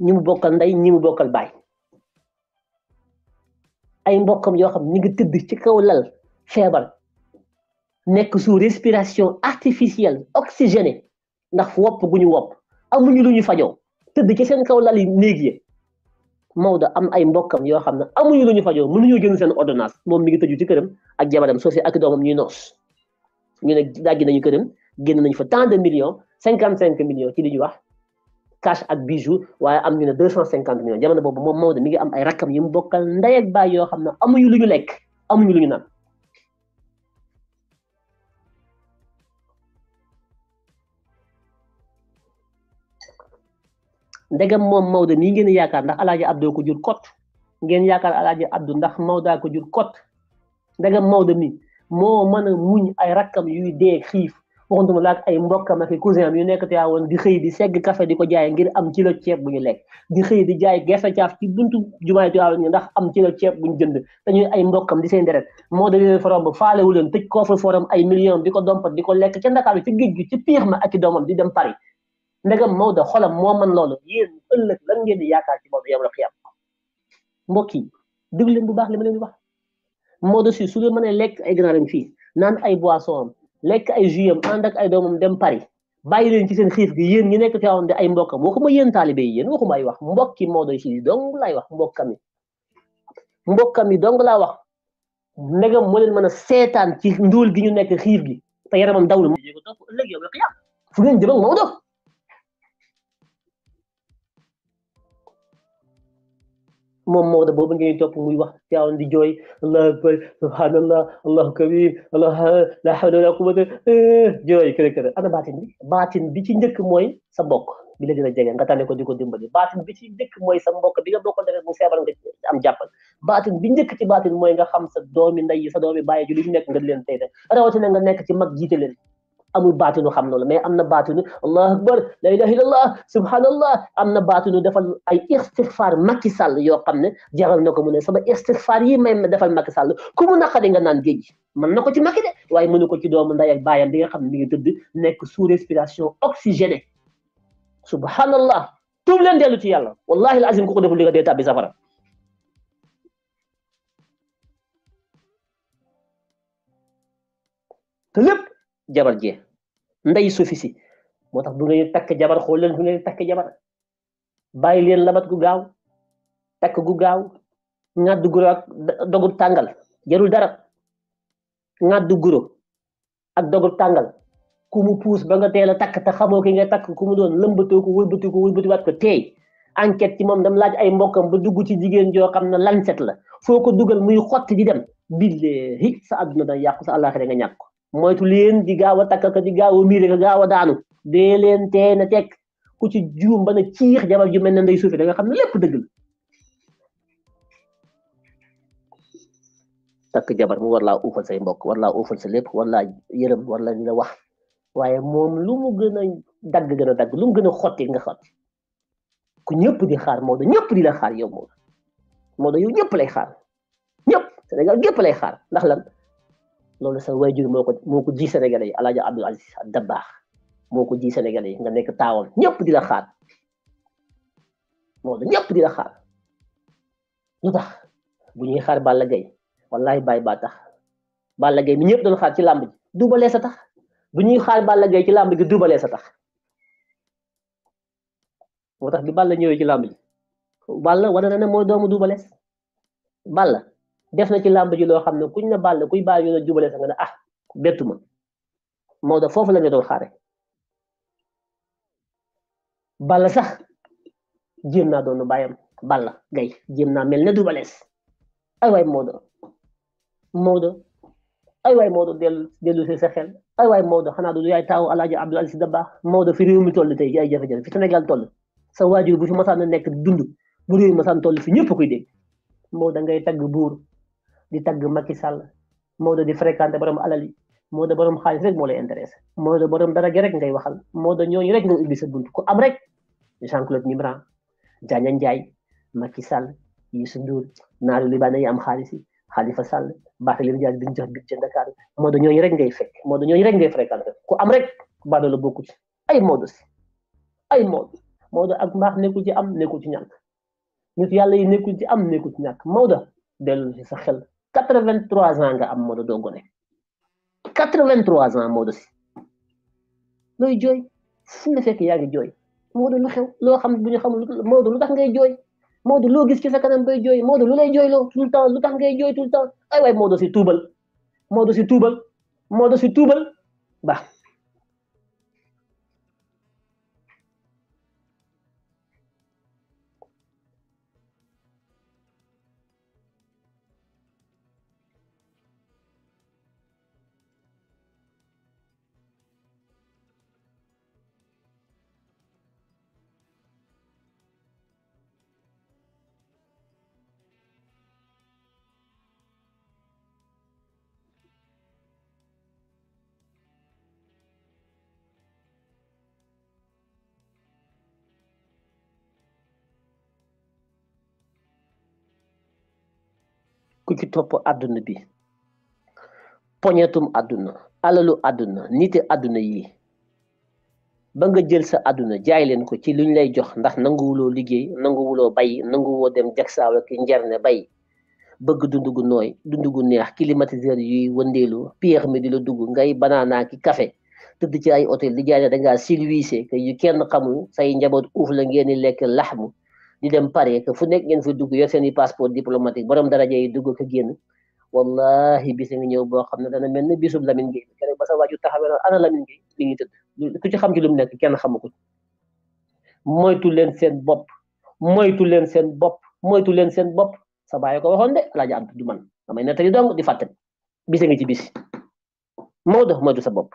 ñi mu bokkal ndey ñi mu bokkal baay ay mbokkam yoo xam ñu ngi tëdd ci kaw lal feebar nekk sous respiration artificielle oxygénée ndax wopp gu ñu wopp amuñu lu ñu fajoo tëdd ci seen kaw lal yi néeg yi Maodo am ay mbokkam yoo xam ne amuñu lu ñu fajoo mënuñu jënd seen ordonnance moom mi ngi tëju ci këram ak jabaram soo si ak doomam ñuy noos ñu ne dàggi nañu këram génn nañu fa tant de millions cinquante cinq millions ci li ñu wax cash ak bijoux waaye am ñu ne deux cent cinquante millions jamono boobu moom Maodo mi ngi am ay rakkam yu mu bokkal ndey ak baay yoo xam ne amuñu lu ñu lekk amuñu lu ñu naan. ndegam moom Maodo nii ngeen yaakaar ndax alaaji Abdoo ko jur kot ngeen yaakaar alaaji Abdou ndax Maodo ko jur kot ndegam Maodo mi moo mën a muñ ay rakkam yuy dee xiif waxantuma laak ay mbokkam ak cousin am yu nekk teewoon di xëy di segg café di ko jaay ngir am ci la ceeb bu ñu lekk di xëy di jaay gerte caaf ci buntu jumaay tuwaaw ñu ndax am ci la ceeb bu ñu jënd dañuy ay mbokkam di seen deret Maodo leen forom ba faalewu leen tëj koofu forom ay millions di ko dompat di ko lekk ca Ndakaaru ci géej gi ci piir ma ak i di dem Paris ndegam Maodo xolam moo mën loolu yéen ëllëg lan ngeen di yaakaar ci Maodo yow la xiyam mbokk yi déglu leen bu baax li ma leen di wax Maodo si su dee mënee lekk ay ganaram fii naan ay boisson am lekk ay jus am ànd ak ay doomam dem Paris bàyyi leen ci seen xiif gi yéen ñi nekk Tiwaawan di ay mbokkam waxuma yéen taalibe yi yéen waxuma ay wax mbokki Maodo si dong laay wax mbokkam yi mbokkam yi dong laa wax ndegam moo leen mën a seetaan ci ndóol gi ñu nekk xiif gi te yaramam dawul moo ko topp ëllëg yow la xiyam fu ngeen jëm ak Maodo moom moo da boobu ngeen topp muy wax Tiwaawan di jooy allahu akbar subhanallah allahu kabir allah la hawla wala quwwata eh, jooy kër kër ana baatin bi baatin bi ci njëkk mooy sa mbokk bi la gën a jege nga tànne ko di ko dimbali baatin bi ci njëkk mooy sa mbokk bi nga bokkante rek mu feebar nga am jàppal baatin bi njëkk ci baatin mooy nga xam sa doomi ndey sa doomi bàyyi ju li ñu nekk nga leen tey rek rawatina nga nekk ci mag jiite leen amul baatinu xam loolu mais am na baatinu allahu akbar la ilaha illallah am na baatinu defal ay istixfaar Macky Sall yoo xam ne jaral na ko mu ne sama istixfaar yi may defal Macky Sall ku mu naqari nga naan géej man na ko ci Macky de waaye mënu ko ci doomu nday ak baayam bi nga xam ne mi ngi tëdd nekk sous respiration oxygénée subhanallah tuub leen dellu ci yàlla wallahi la azim ku ko deful li nga dee tàbbi safara te lépp jabar je nday sufi si motax du ngay tak jabar xol leen du tak tak jabar bay leen labat gu gaaw tak gu gaaw ngàdd guro ak dogu tangal jarul dara ngàdd guro ak dogu tangal kumu pous ba nga teela tak ta xamoo ki nga tak kumu mu doon lëmbatoo ko wëlbati ko wëlbati wat ko tey enquête ci mom dam laaj ay mbokam ba duggu ci jigen jo xamna lancet la foko duggal muy xott di dem billahi sa aduna da yaq sa àllaaxira nga moytu leen di gaaw a takk ka di gaaw a miire ka gaaw a daanu dee leen tee na tekk ku ci juum ba na ciix jabar ju mel ne ndey suufi da nga xam ne lépp dëgg la takk jabar mu war laa a say mbokk war laa uufal sa lépp war laa yërëm war laa dina wax waaye moom lu mu gën a dagg gën a dagg lu gën a xotti nga xotti ku ñëpp di xaar Maodo ñëpp di la xaar yow Maodo Maodo yow ñëpp lay xaar ñëpp Sénégal ñëpp lay xaar ndax lan lolu sa wayjur moko moko moo alaja ji Abdul Aziz Dabakh moko ko ji Sénégalais nga nek tawal ñepp di la xaar Maodo ñëpp di la xaar lu tax bu ñuy xaar Balla gay wallahi bay ba tax Balla gay mi ñepp do xaar ci lamb ji duubalee sa tax bu ñuy xaar Balla gay ci lamb gi duubalee sa tax bi Balla ci lamb ji Balla wala na doomu Balla def na ci làmb ji loo xam ne kuñ na bàll kuy bàyyi yoon jubale sax nga ne ah bettu ma Maodo foofu la ñu doon xaare sax jéem naa doon bàyyam Balla gay naa mel ne du balees ay waay Maodo Maodo ay waay Maodo dellu dellu xel ay waay Maodo xanaa du yaay taawu El Hadj si Aziz Dabakh Maodo fi réew mi toll tey ji ay jafe-jafe fi Sénégal toll sa waajur bu fi masaan a nekk dund bu réew mi masaan toll fi ñëpp koy dégg Maodo ngay tagg buur di tagg Macky Sall Maodo di fréquenté borom alal yi Maodo borom xaliss rek mo lay intéressé Maodo borom dara gi rek ngay waxal Maodo ñooñu rek nga ubbi sa buntu ku am rek Jean Claude Nimra Diagne Ndiaye Macky Sall Youssou Ndour naaru Libane yi am xaliss yi Khalifa Sall Barthélémy Diagne biñ jox ci Dakar Maodo ñooñu rek ngay fekk Maodo ñooñu rek ngay fréquenté ku am rek baado la bokku ci ay Maodo ci ay Maodo Maodo ak mbax neeku ci am neeku ci ñàkk nit yalla yi neeku ci am neeku ci ñàkk Maodo delu ci sa xel quatre-vingt-trois ans nga am Modou doo gone quatre-vingt-trois ans Modou si looy jooy fu la fekk yaa ngi jooy Modou lu xew loo xam bu ñu xamul Modou lu tax ngay jooy Modou loo gis ci sa kanam bay jooy Modou lu lay jooy loo tout le temps lu tax ngay jooy tout le temps ay waay Modou si tuubal Modou si tuubal Modou si tuubal ba ci topp àdduna bi poñetum àdduna alalu àdduna nite àdduna yi ba nga jël sa àdduna jaay leen ko ci luñ lay jox ndax nanguwuloo liggéey nanguwuloo bay nanguwoo dem jagsaaw ak njerne bay bëgg dund gu nooy dund gu neex climatiseur yuy wëndeelu pièx mi di la dugg ngay banaanaa ki café tëdd ci ay hôtel di jaay ne dangaa silwiise yu kenn xamul say njaboot uuf la ngeen di lekk laxmu di dem paré que ya, fu nek ngeen fa dugg yo seen passeport diplomatique borom dara jey ya dugg ko genn wallahi bis nga ñew bo xamne dana melni bisub Lamine gey kene ba sa waju taxawé ana Lamine gey mi ngi tëdd ku ci xam ci lu mu nekk kenn xamako moytu len sen bop moytu len sen bop moytu len sen bop sa baye ko waxon de du man damay netali dong di fatten, bis nga ci bis modo modo sa bop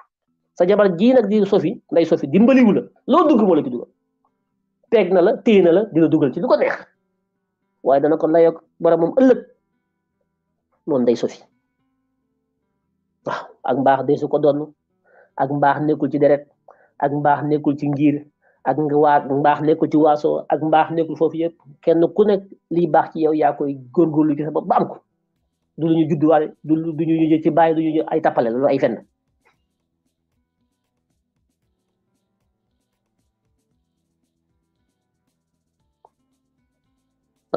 sa jabar ji nak di sofi nday sofi wu la lo dugg mo la ci dugg peeg na la téye la di dugal ci lu ko neex waaye dana ko layoog boromam ëllëg noonu day sofi waaw ak mbaax de su ko doon ak mbaax nekkul ci deret ak mbaax nekkul ci ngir ak waa mbaax nekkul ci waaso ak mbaax nekkul foofu yëpp kenn ku nekk liy baax ci yow yaa koy góorgóorlu ci sa bopp ba am ko du lu ñu judduwaale du du ñu ci bàyyi du ñu ay tappale loolu ay fenn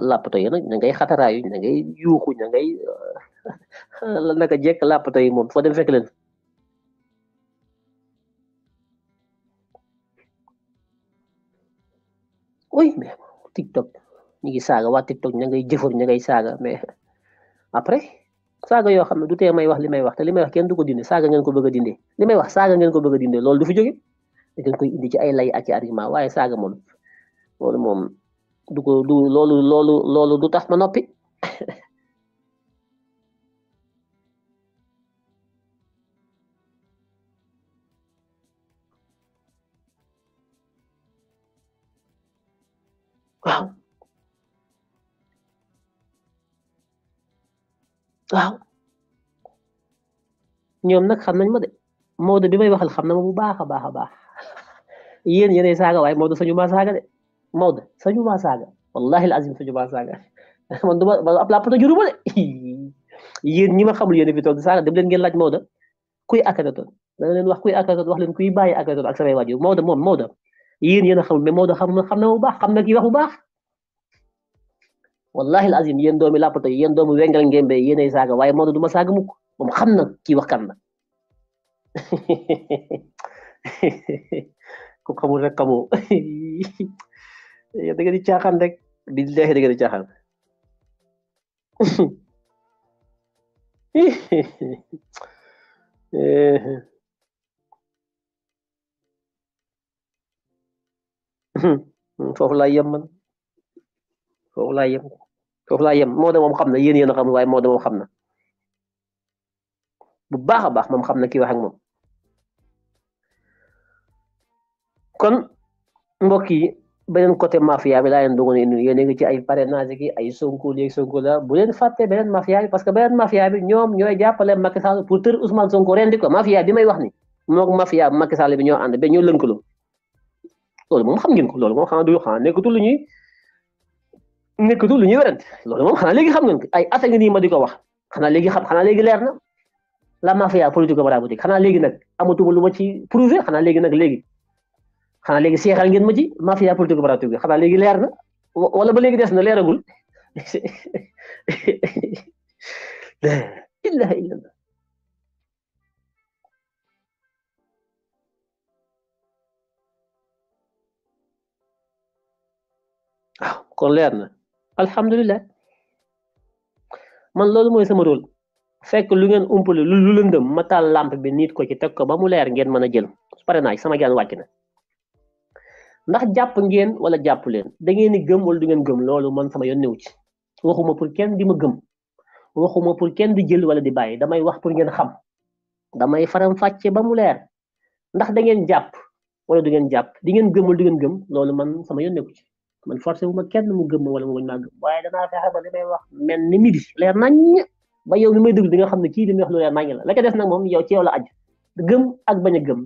làppato yi nag ña ngay xataraayu ña ngay yuuxu ña ngay eh, naka jekk làppato yi moom dem tiktok ñu ngi saaga waa tiktok ngay jëfër ngay Saga mais après saaga yoo xam du tee may wax li wax te li wax kenn du dindi saaga ngeen ko bëgg dindi li wax saaga ngeen ko bëgg dindi du fi da ngeen koy indi ci ay lay ak ci du ko du loolu loolu du tax ma noppi waaw ñoom nak xam nañ ma de Maodo bi may waxal xam na ma bu baax a baax a baax yéen yéenay saaga waaye Maodo sañu maa saaga de Maude, soy un masaga. Wallahi lazim soy un masaga. man du ma ab làpp juru ma de yéen ñi ma xamul yéen a fi toog di saaga dem leen ngeen laaj Maude kuy akatatoon da nga leen wax kuy akatatoon wax leen kuy bàyyi akatatoon ak samay waajur Maude moom Maude yéen yéen a xamul mais Maude xam na xam na bu baax xam na kii wax bu baax wallahi lazim yéen doomi làppato yi yéen doomi wengal ngémbe yéen ay saaga waaye Maude du ma saaga mukk moom xam na kii wax kan la ku xamul rek xamoo da ngeen di caaxaan rek billahi da ngeen di caaxaan foofu laa yem man foofu laa yem foofu laa yem moo de xam na yéen yéen xam waaye moo de xam na bu baax a baax moom xam na kii wax ak kon mbokk yi beneen côté mafia bi laa leen ci ay parrainage gi ay Sonko léegi Sonko la bu leen fàtte beneen mafia bi parce que beneen mafia bi ñoom ñooy jàppale Macky Sall pour tër Ousmane Sonko rendi may wax ni moom mafia bi Macky bi ñoo ànd loolu moom xam ngeen ko loolu moom xanaa du xanaa lu ñuy nekkatul lu ñuy werante loolu moom xanaa léegi xam ngeen ko ay at a ngi nii ma di ko wax xanaa léegi xam xanaa léegi leer na la mafia politique bravotique xanaa léegi nag amatuma lu ma ci prouver xanaa léegi nag léegi xanaa léegi seexal ngeen ma ci mafia politique opérative bi xanaa léegi leer na wala ba léegi des na leeragul ilaha illallah waaw ah, kon leer na alhamdulilah man loolu mooy sama rôle fekk lu ngeen umpale lu lëndëm ma taal lamp bi nit ko ci teg ko ba mu leer ngeen mën a jël pare naa ci sama gaan wàcc ndax jàpp ngeen wala jàpp leen da ngeen di gëm wala ngeen gëm loolu man sama yoon néew ci waxuma pour kenn di ma gëm waxuma pour kenn di jël wala di bàyyi damay wax pour ngeen xam damay faram fàcce ba mu leer ndax da ngeen jàpp wala du ngeen jàpp di ngeen gëm wala du ngeen gëm loolu man sama yoon néew ci man forcé bu ma kenn mu gëm wala mu bañ gëm waaye danaa fexe ba li wax mel ni midi leer naññ ba yow li may dugg di nga xam ne kii li may wax lu leer naññ la la ca des nag moom yow ci yow la aju gëm ak bañ a gëm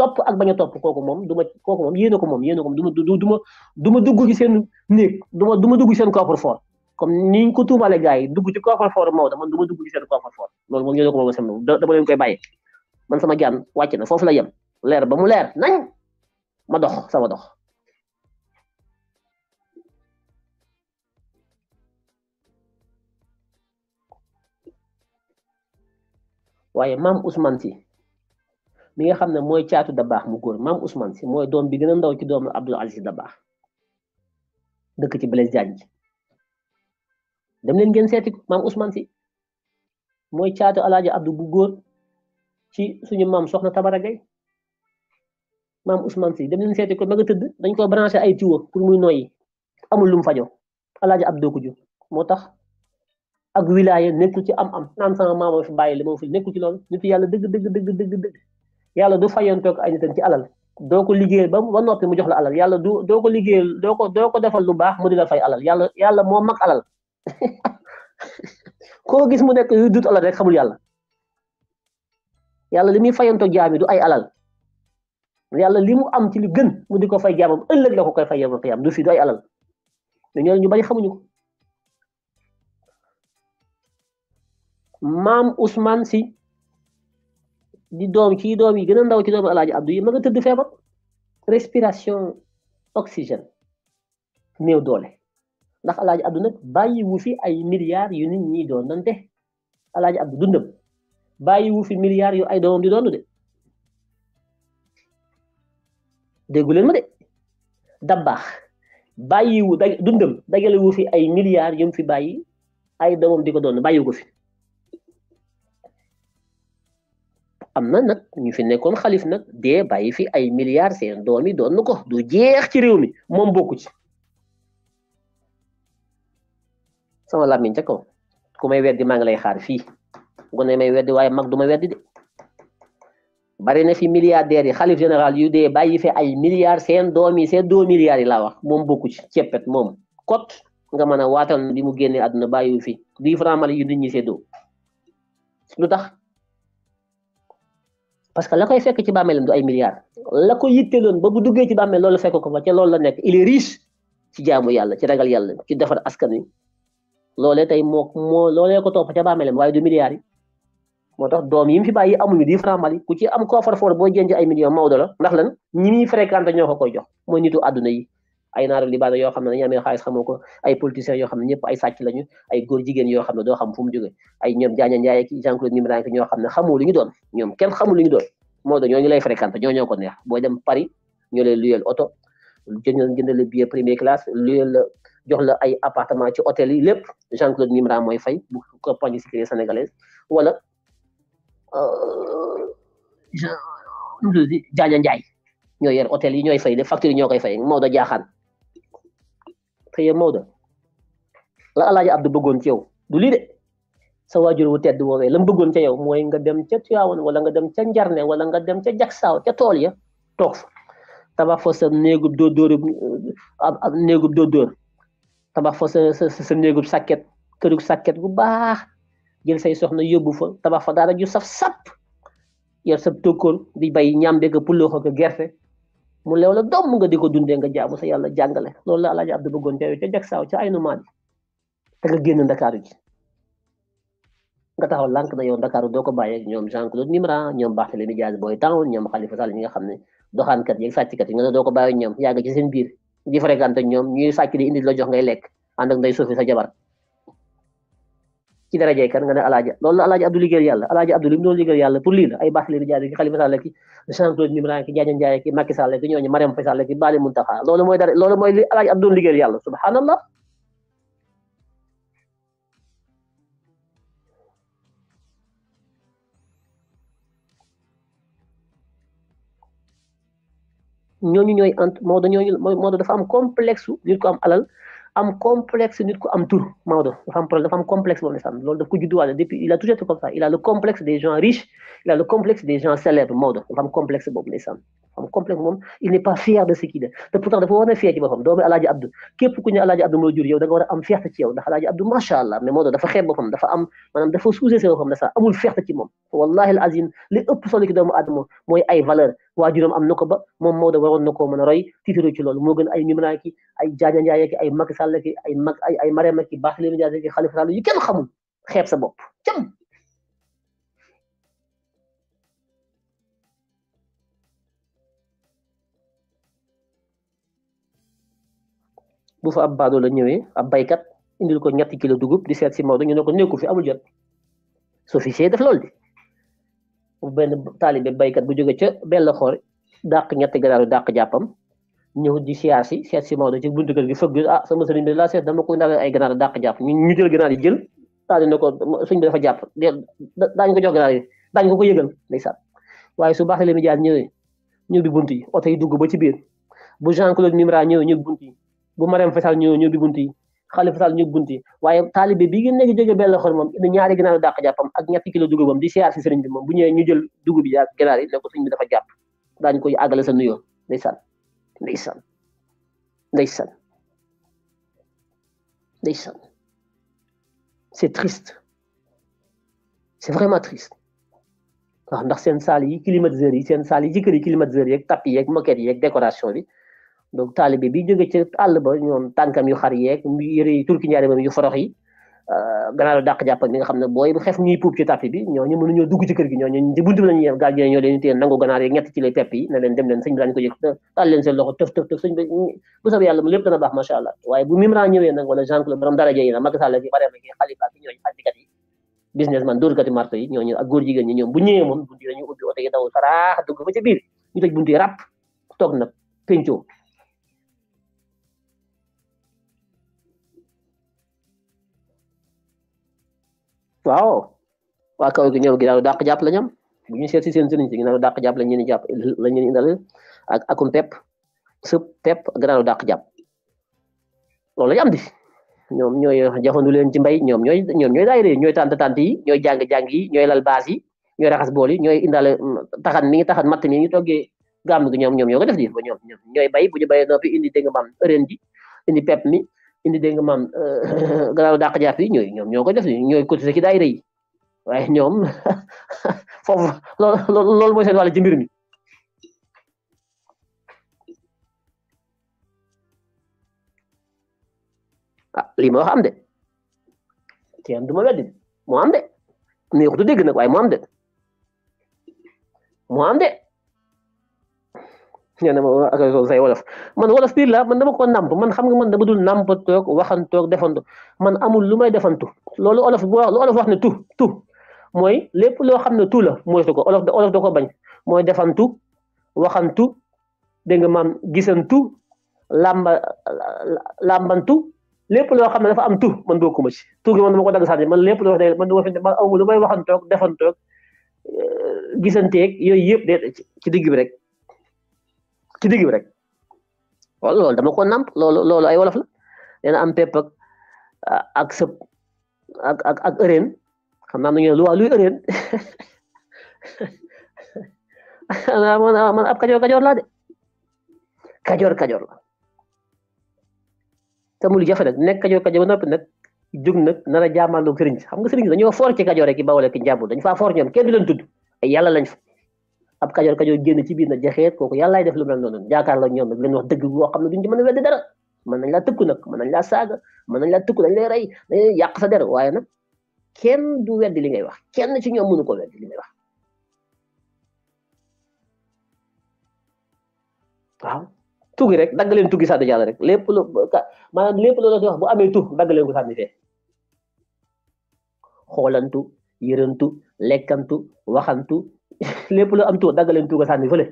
topp ak bañ topp kooku moom du ma kooku moom yéen a ko moom yéen a ko moom du ma du ma du ma dugg ci seen néeg du ma du ma dugg seen coffre-fort comme ni ñu ko tuumalee gars yi dugg ci coffre-fort Maodo man du ma dugg ci seen coffre-fort loolu moom yéen a ko moom seen dama leen koy bàyyi man sama jaan wàcc na foofu la yem leer ba mu leer nañ ma dox sama dox. waaye maam Ousmane si. mi nga xam ne mooy caatu baax mu góor maam Ousmane si mooy doom bi gën a ndaw ci doomu Abdoul Aziz Dabaax dëkk ci Blaise Diagne dem leen ngeen seeti maam Ousmane si mooy caatu alaaji Abdou bu góor ci suñu maam soxna Tabara Gaye maam Ousmane si dem leen seeti ko ma nga tëdd dañ ko branché ay tuyau pour muy noyyi amul lu mu fajo alaaji Abdou ko ju moo tax ak wilaya nekkul ci am am naan sama maam fi bàyyi li moo fi nekkul ci loolu nitu yàlla dëgg dëgg dëgg dëgg dëgg yalla du fayantoog ay nitam ci alal doko ko ba ba noppi mu jox la alal yalla du doko ko doko doko defal lu bax mu di fay alal yalla yalla mo mak alal ko gis mu nek yu dut alal rek xamul yalla yalla limi muy fayantoog jaami du ay alal yalla limu am ci li gën mu diko fay jamm ëllëg la ko koy fay qiyam du fi alal mais ñoo ñu bari xamuñu ko si di doom ci doom yi gën a ndaw ci doomu alaaji abdu yi ma nga tëdd feebar respiration oxygène néew doole ndax alaaji abdu nag bàyyi wu fi ay milliards yu nit ñi doon dante alaaji abdu dundam bàyyi wu fi milliards yu ay doom di doon de déggu leen ma de dabbaax bàyyi wu dundam dagale wu fi ay milliards yu fi bàyyi ay doomam di ko doon bàyyi ko fi am na nag ñu fi nekkoon xalif nag dee bàyyi fi ay milliards seen doom yi doon na ko du jeex ci réew mi moom bokku ci sama làmmiñ ca kaw ku may weddi maa ngi lay xaar fii gone may weddi waaye mag du ma weddi de bari na fi milliardaires yi xalif général yu dee bàyyi fi ay milliards seen doom yi seen deux laa wax moom bokku ci ceppet moom kot nga mën a waatal bi mu génnee àdduna bàyyi fi dix francs mali yu nit ñi lu tax parce que la koy fekk ci bàmmeelam du ay milliards la ko yitteloon ba bu duggee ci bàmmeel loolu fekk ko fa ca loolu la nekk il est riche ci jaamu yàlla ci ragal yàlla ci defar askan wi loolee tey moo moo loolee ko topp ca bàmmeelam waaye du milliards yi moo tax doom yi mu fi bàyyi amuñu di franc mali ku ci am coffre-fort boo jënd ay millions Maodo la ndax lan ñi muy fréquenté ñoo ko koy jox mooy nitu àdduna yi ay naar libaana yoo xam ne dañu amee xaalis xamoo ko ay politiciens yoo xam ne ñëpp ay sàcc lañu ay góor jigéen yoo xam ne doo xam fu mu jóge ay ñoom Diagne Ndiaye ak xam ne xamoo lu ñu doon ñoom kenn ñu doon moo doon ñooñu lay fréquenté ñoo ñoo ko neex booy dem Paris ñoo lay luyeel oto jënd jëndal jox la ay appartement ci hôtel yi lépp Jean Claude Mimran mooy fay bu compagnie sécurité sénégalaise wala euh, Diagne Ndiaye ñoo yor hôtel yi ñooy fay lépp facture yi ñoo koy fay Maodo jaaxaan te yow Maodo la Alaaji Abdu bëggoon ci yow du lii de sa waajur wu tedd woowee la mu ca yow mooy nga dem ca Tiwaawan wala nga dem ca Njarne wala nga dem ca Jaksaaw ca tool ya toog fa tabax fa sa néegub dóor ab néegub dóor tabax fa sa sa sa néegub sàkket kërug sàkket bu baax jël say soxna yóbbu fa tabax fa daara ju saf sap yor sa tokkoor di bay ñàmbe ka pulloo ko gerte mu lew la dom nga diko dundé nga jaamu sa yalla jàngale lolou la alaaji abdu bëggoon teew ca jag saaw ca aynu maadi te nga génn ndakaaru ci nga taxaw lank na yow ndakaaru do ko bàyyeeg ñom Jean Claude ñom ñoom Barthélémy Dias boy taw ñom Khalifa Sall ñi nga xamné doxan kat yeeg sacc kat nga do ko baye ñom yag ci seen biir di fréquenté ñom ñuy sacc di indi la jox ngay lek and ak nday sofi sa jabar ci darajay kan nga ne alaaja loolu la alaaja abdu liggéeyal yàlla alaaja abdu li mu doon pour lii la ay Barthélémy Dias ki Khalifa Sall ki Jean-Claude Mimran ki Ndiaye Ndiaye ki Macky Sall ki ñooñu Mariam Faye Sall ki Bali Muntaxa loolu mooy dara loolu mooy li alaaja abdu doon liggéeyal yàlla subhanallah ñooñu ñooy ent Maodo ñooñu Maodo dafa am complexe nit ko am alal am complexe nit ko am tour Maodo dafa am problème dafa am complexe boobu ndeysaan loolu daf ko judduwaale depuis il a toujours été comme ça il a le complexe des gens riches il a le complexe des gens célèbres Maodo dafa am complexe boobu ndeysaan xam complexe moom il n'est pas fier de ce qu'il est te pourtant dafa war a fier ci boppam doomu alaaji abdu képp ku ñu alaaji abdu moo jur yow da nga war a am fierté ci yow ndax alaaji abdu macha allah mais moo dafa xeeb boppam dafa am maanaam dafa suusee boppam dafa amul fierté ci moom wallahi al azim li ëpp solo ci doomu aadama mooy ay valeur waajuram am na ko ba moom moo da waroon na koo mën a roy tiitaro ci loolu moo gën ay Mimran ki ay Jaaja Njaay ki ay Macky Sall ki ay mag ay ay Marème ki Barthélémy Dias ki Khalifa Sall yu kenn xamul xeeb sa bopp cam bu fa ab baadoo la ñëwee a baykat indi ko ñetti kilo dugub di seet si Maodo ñu ne ko nekku fi amul jot sofisee def loolu di benn taalibe baykat bu jóge ca benn xoor dàq ñetti ganaaru dàq jàppam ñëw di siyaar si seet si Maodo ci buntu kër gi fëgg ah, sama sëriñ bi laa seet dama koy nawee ay ganaar jàpp ñu jël ganaar yi jël taali ne ko suñ bi dafa jàpp daañu ko jox ganaar yi daañu ko ko yëgal ndeysaan waaye su baax la mi jaar ñëwee ñëw bi bunt yi oto yi dugg ba ci biir bu Jean Claude Mimra ñëwee ñëw bunt yi bu Marième fessal Sall ñëw bi bunti Khalifa Sall ñëw bunti waye talibé bi ngeen nekk jóge xol mom moom ñaari ginaar dàq jappam ak ñetti kilo dugubam di siar ci sëriñ bi mom bu ñëwee ñu jël dugub bi ak gënal yi ne ko sëriñ bi dafa japp dañ koy agalé sa nuyo ndeysaan ndeysaan ndeysaan ndeysaan c'est triste c'est vraiment triste waaw ndax sen salle yi climatiseur yi sen salle yi ci climatiseur yi climatiseurs yeeg tapis yeeg moquette ak décoration bi donc taalibe bi jóge ci àll ba ñoom tànkam yu xar yeeg yëre yi turki njaare yu forox yi euh, gannaaw dàq jàppal bi nga xam ne booy xef ñuy puub ci tapis bi ñooñu mënuñoo dugg ci kër gi ñooñu ci buntu bi lañuy yem gaal gi ñoo leen téye nangu ganaar yeeg ñett ci lay pepp yi na leen dem baax macha allah waaye bu Mimran ñëwee nag wala Jean Claude borom daraja yi marto yi ñooñu ak góor jigéen ñi ñoom bu ñëwee moom buntu yi dañu ubbi oto yi daw saraax dugg ba ca ñu tëj buntu yi ràpp toog nag pencoo waaw waa kaw gi ñoom ginnaaw dàq jàpp la ñoom bu ñu seet si seen sëriñ si ginnaaw dàq jàpp la ñu ni jàpp la ñu indal ak akum pep sëp pep gannaaw dàq jàpp loolu lañu am di ñoom ñooy jafandu leen ci mbay ñoom ñooy ñoom ñooy daayire ñooy tante tante yi ñooy jàng jàng yi ñooy lal baas yi ñooy raxas bool yi ñooy indal taxan mi ngi taxan matt mi ñu toggee gàmm gi ñoom ñoom ñoo ko def di ba ñoom ñoom ñooy bay bu ñu bayee noppi indi dégg mam ëreen ji indi pep mi indi dégg nga maam gannaaw dàq jàpp yi ñooy ñoo ko def ñooy cotiser ci daayira yi waaye ñoom foofu loolu loolu mooy seen wàll ci mi. ah lii ma de te am du ma weddi moo am de néew du dégg nag waaye moo am de moo am de. nee na ma say wolof man wolof biir la man dama ko namp man xam nga man dama dul namp toog waxantoog defantu man amul lu may defantu loolu olof bu wax lu olof wax ne tu tu mooy lépp loo xam ne tu la moytu ko olof olof da ko bañ mooy defantu waxantu dégg nga maam gisantu lamba lambantu lépp loo xam ne dafa am tu man bokkuma ci tu gi man dama ko dagg sànni man lépp loo xam ne man dama man amul lu may waxantoog defantoog gisanteeg yooyu yëpp de ci digg bi rek ci digg bi rek wala loolu dama ko namp loolu loolu ay wolof la nee am pepp ah, ak ak sa ak ak ak ëreen xam naa nañu lu waa luy ëreen man ab kajoor kajoor laa de kajoor kajoor la te mu lu jafe nag nekk kajoor kajoor ba noppi nag jug nag nar a jaamaaloo sëriñ xam nga sëriñ dañoo for ci kajoor rek ki bawale ki njàmbur dañ faa for ñoom kenn du leen tudd ay yàlla lañ fa ab kajoor kajoor génn ci biir na jaxeet kooku yàllaay def lu mel noonu jaakaar la ñoom nag leen wax dëgg boo a weddi dara mën nañ laa tëkku nag mën nañ laa saaga mën nañ laa tëkku dañ lay rey dañ yàq sa der waaye nag kenn du weddi li ngay wax kenn ci ñoom mënu ko weddi li wax waaw rek dagg leen tugi sànni jàll rek lépp lu maanaam loo doon wax bu amee tu dagg leen ko sànni fee xoolantu yërëntu lekkantu waxantu lepp lu am tuur dagal leen tuur sànni fële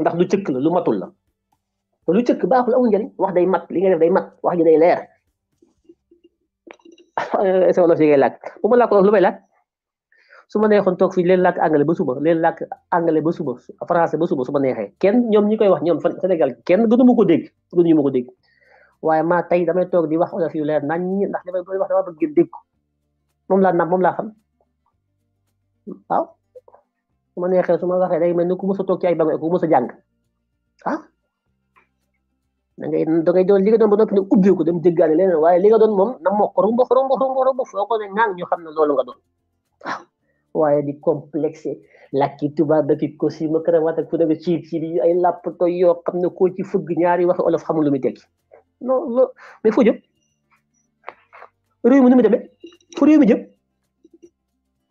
ndax du cëkk la lu matul la te lu cëkk baaxul amul njëriñ wax day mat li nga def day mat wax ji day leer sa wolof fi ngay làkk bu ma làkk lu may làkk su ma neexoon toog fi leen làkk anglais ba suba leen làkk anglais ba suba français ba suba su ma neexee kenn ñoom ñi koy wax ñoom Sénégal kenn gënu mu ko dégg ñu mu ko dégg waaye ma tey damay toog di wax olof yu leer nañ ndax damay may wax dama bëgg dégg moom laa nam moom laa xam waaw su ma neexee su ma waxee day mel ni ku mësa a toog ci ay bango ku mos a jàng ah da ngay da ngay doon li nga doon ba noppi ne ubbeeku dem déggaale waaye li doon moom na mokk rumbo rumbo rumbo foo ko ne naan ñu xam ne loolu nga doon waaye di complexé lakki tubaab ak costume cravate ak fu demee ci ci ay làpp toy yoo xam ne ko ci fëgg ñaari waxi olof xamul lu muy tekki non non mais foo jëm réew mi nu mu demee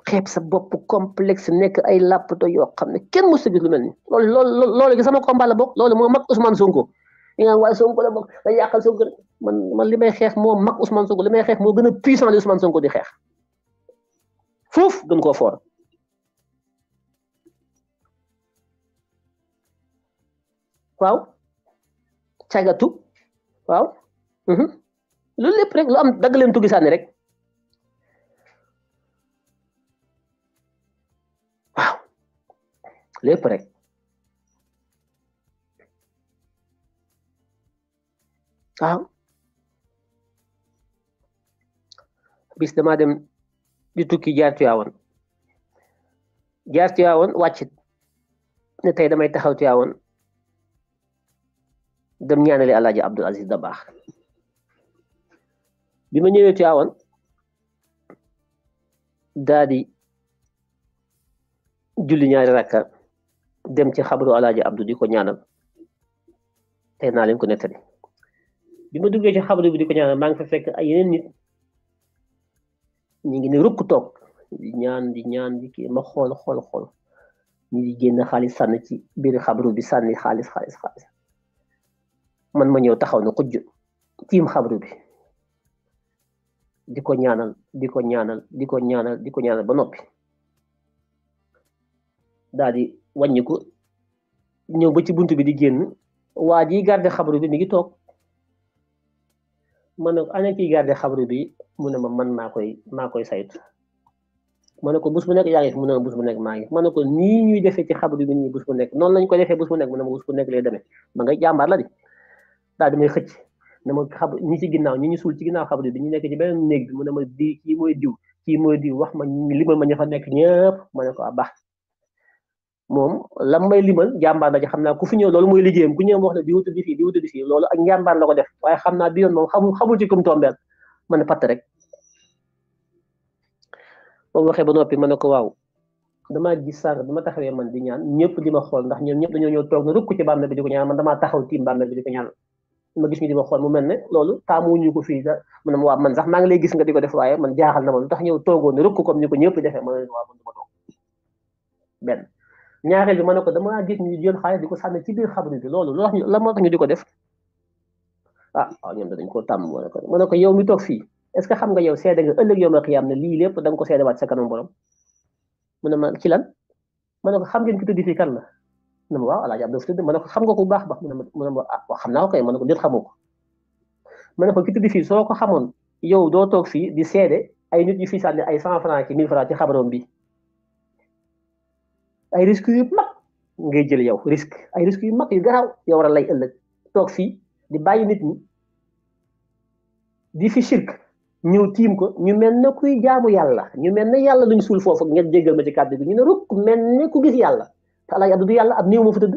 xeeb sa bopp complexe nekk ay làppato yoo xam ne kenn mësu gis lu mel ni loolu loolu loolu gi sama combat la bokk lool moo mag Ousmane Sonko li Sonko la bokk day yàqal Sonko li may xeex moo mag Ousmane Sonko li xeex moo gën a puissant li Ousmane Sonko di xeex foofu gën koo foor waaw cagatu waaw mhm. loolu lépp rek lu am dagg leen tuggi rek lépp rek waaw bis damaa dem di tukki jaar Tiwaawan jaar Tiwaawan wàccit ne tey damay taxaw Tiwaawan dem ñaanale Alaaji Abdul Aziz Dabaax bi ma ñëwee Tiwaawan daa di julli ñaari rakka dem ci xabru alaaji abdu di ko ñaanal tey naa leen ko nettali bi ma duggee ci xabru bi di ko ñaanal maa ngi fa fekk ay yeneen nit ñu ngi ne rukk toog di ñaan di ñaan di kii xool xool xool ñu di génn xaalis sànni ci biir xabru bi sànni xaalis xaalis xaalis man ma ñëw taxaw na xujj tiim xabru bi di ko ñaanal di ko ñaanal di ko ñaanal di ko ñaanal ba noppi daal wàññiku ñëw ba ci bunt bi di génn waa ji garde xabru bi mi ngi toog ma ne ko ana kiy garde xabru bi mu ne ma man maa koy maa koy saytu ma ne ko bus bu nekk yaa mu ne bus bu nekk maa ngi ma ne ko nii ñuy defee ci xabru bi nii bus bu nekk noonu lañ ko defee bus bu nekk mu ne nekk lay demee ma nga jàmbaar la di daal xëcc ne ma xab ñi ci ginnaaw ñi ñu suul ci ginnaaw xabru bi ñu nekk ci beneen néeg bi mu ne ma di kii mooy diw kii mooy diw wax ma limal ma ña fa nekk ñëpp ma ne ko a ah, baax moom lam may limal jàmbaar la ci xam naa ku fi ñëw loolu mooy liggéeyam ku ñëw wax ne di bi fii di wutu bi fii loolu ak njàmbaar la ko def waaye xam naa bi yoon moom xamul xamul ci kum tombeel ma ne patt rek moom waxee ba noppi ma ne ko waaw damaa gis sànq dama taxawee man di ñaan ñëpp di ma xool ndax ñoom ñëpp dañoo ñëw toog na rukk ci bàmmeel bi di ko ñaan man taxaw tiim bàmmeel bi di ko ñaan ma gis ñu mu mel ne loolu taamuñu ko fii sax mu ne ma waaw man sax maa ngi gis nga di def waaye jaaxal na ma lu tax ñëw toogoo ne rukk comme ko ñëpp defee ma ne waaw man du ma toog benn ñaareel bi ma ne ko damaa gis ñu jël xaalis di ko sànni ci biir xabru bi loolu loo ñu la moo tax ñu di ko def ah waaw ñoom dañ ko tàmm ma ne ko ma ne ko yow mi toog fii est ce que xam nga yow seede nga ëllëg yow ma xiyaam ne lii lépp da nga ko seedewaat sa kanam borom mu ne ma ci lan ma ne ko xam ngeen ki tudd fii kan la mu ne ma waaw ma ne ko xam nga ko bu baax ba mu ne ma mu ah, xam naa ko kay ma ne ko déet xamoo ko ma ne ko ki tudd fii soo ko xamoon yow doo toog fii di seede ay nit yu fii sànni ay cent franc ci mille franc ci xabroom bi ay risques yu mag ngay jël yow risque ay risques yu mag yu garaaw yow war a lay ëllëg toog fii di bàyyi nit ñi di fi shirk ñëw tiim ko ñu mel ne kuy jaamu yàlla ñu mel ne yàlla luñ suul foofu ngeen jéggal ma ci kàddu bi ñu ne rukk mel ne ku gis yàlla te alaaj abdu du yàlla ab néew ma fa tëdd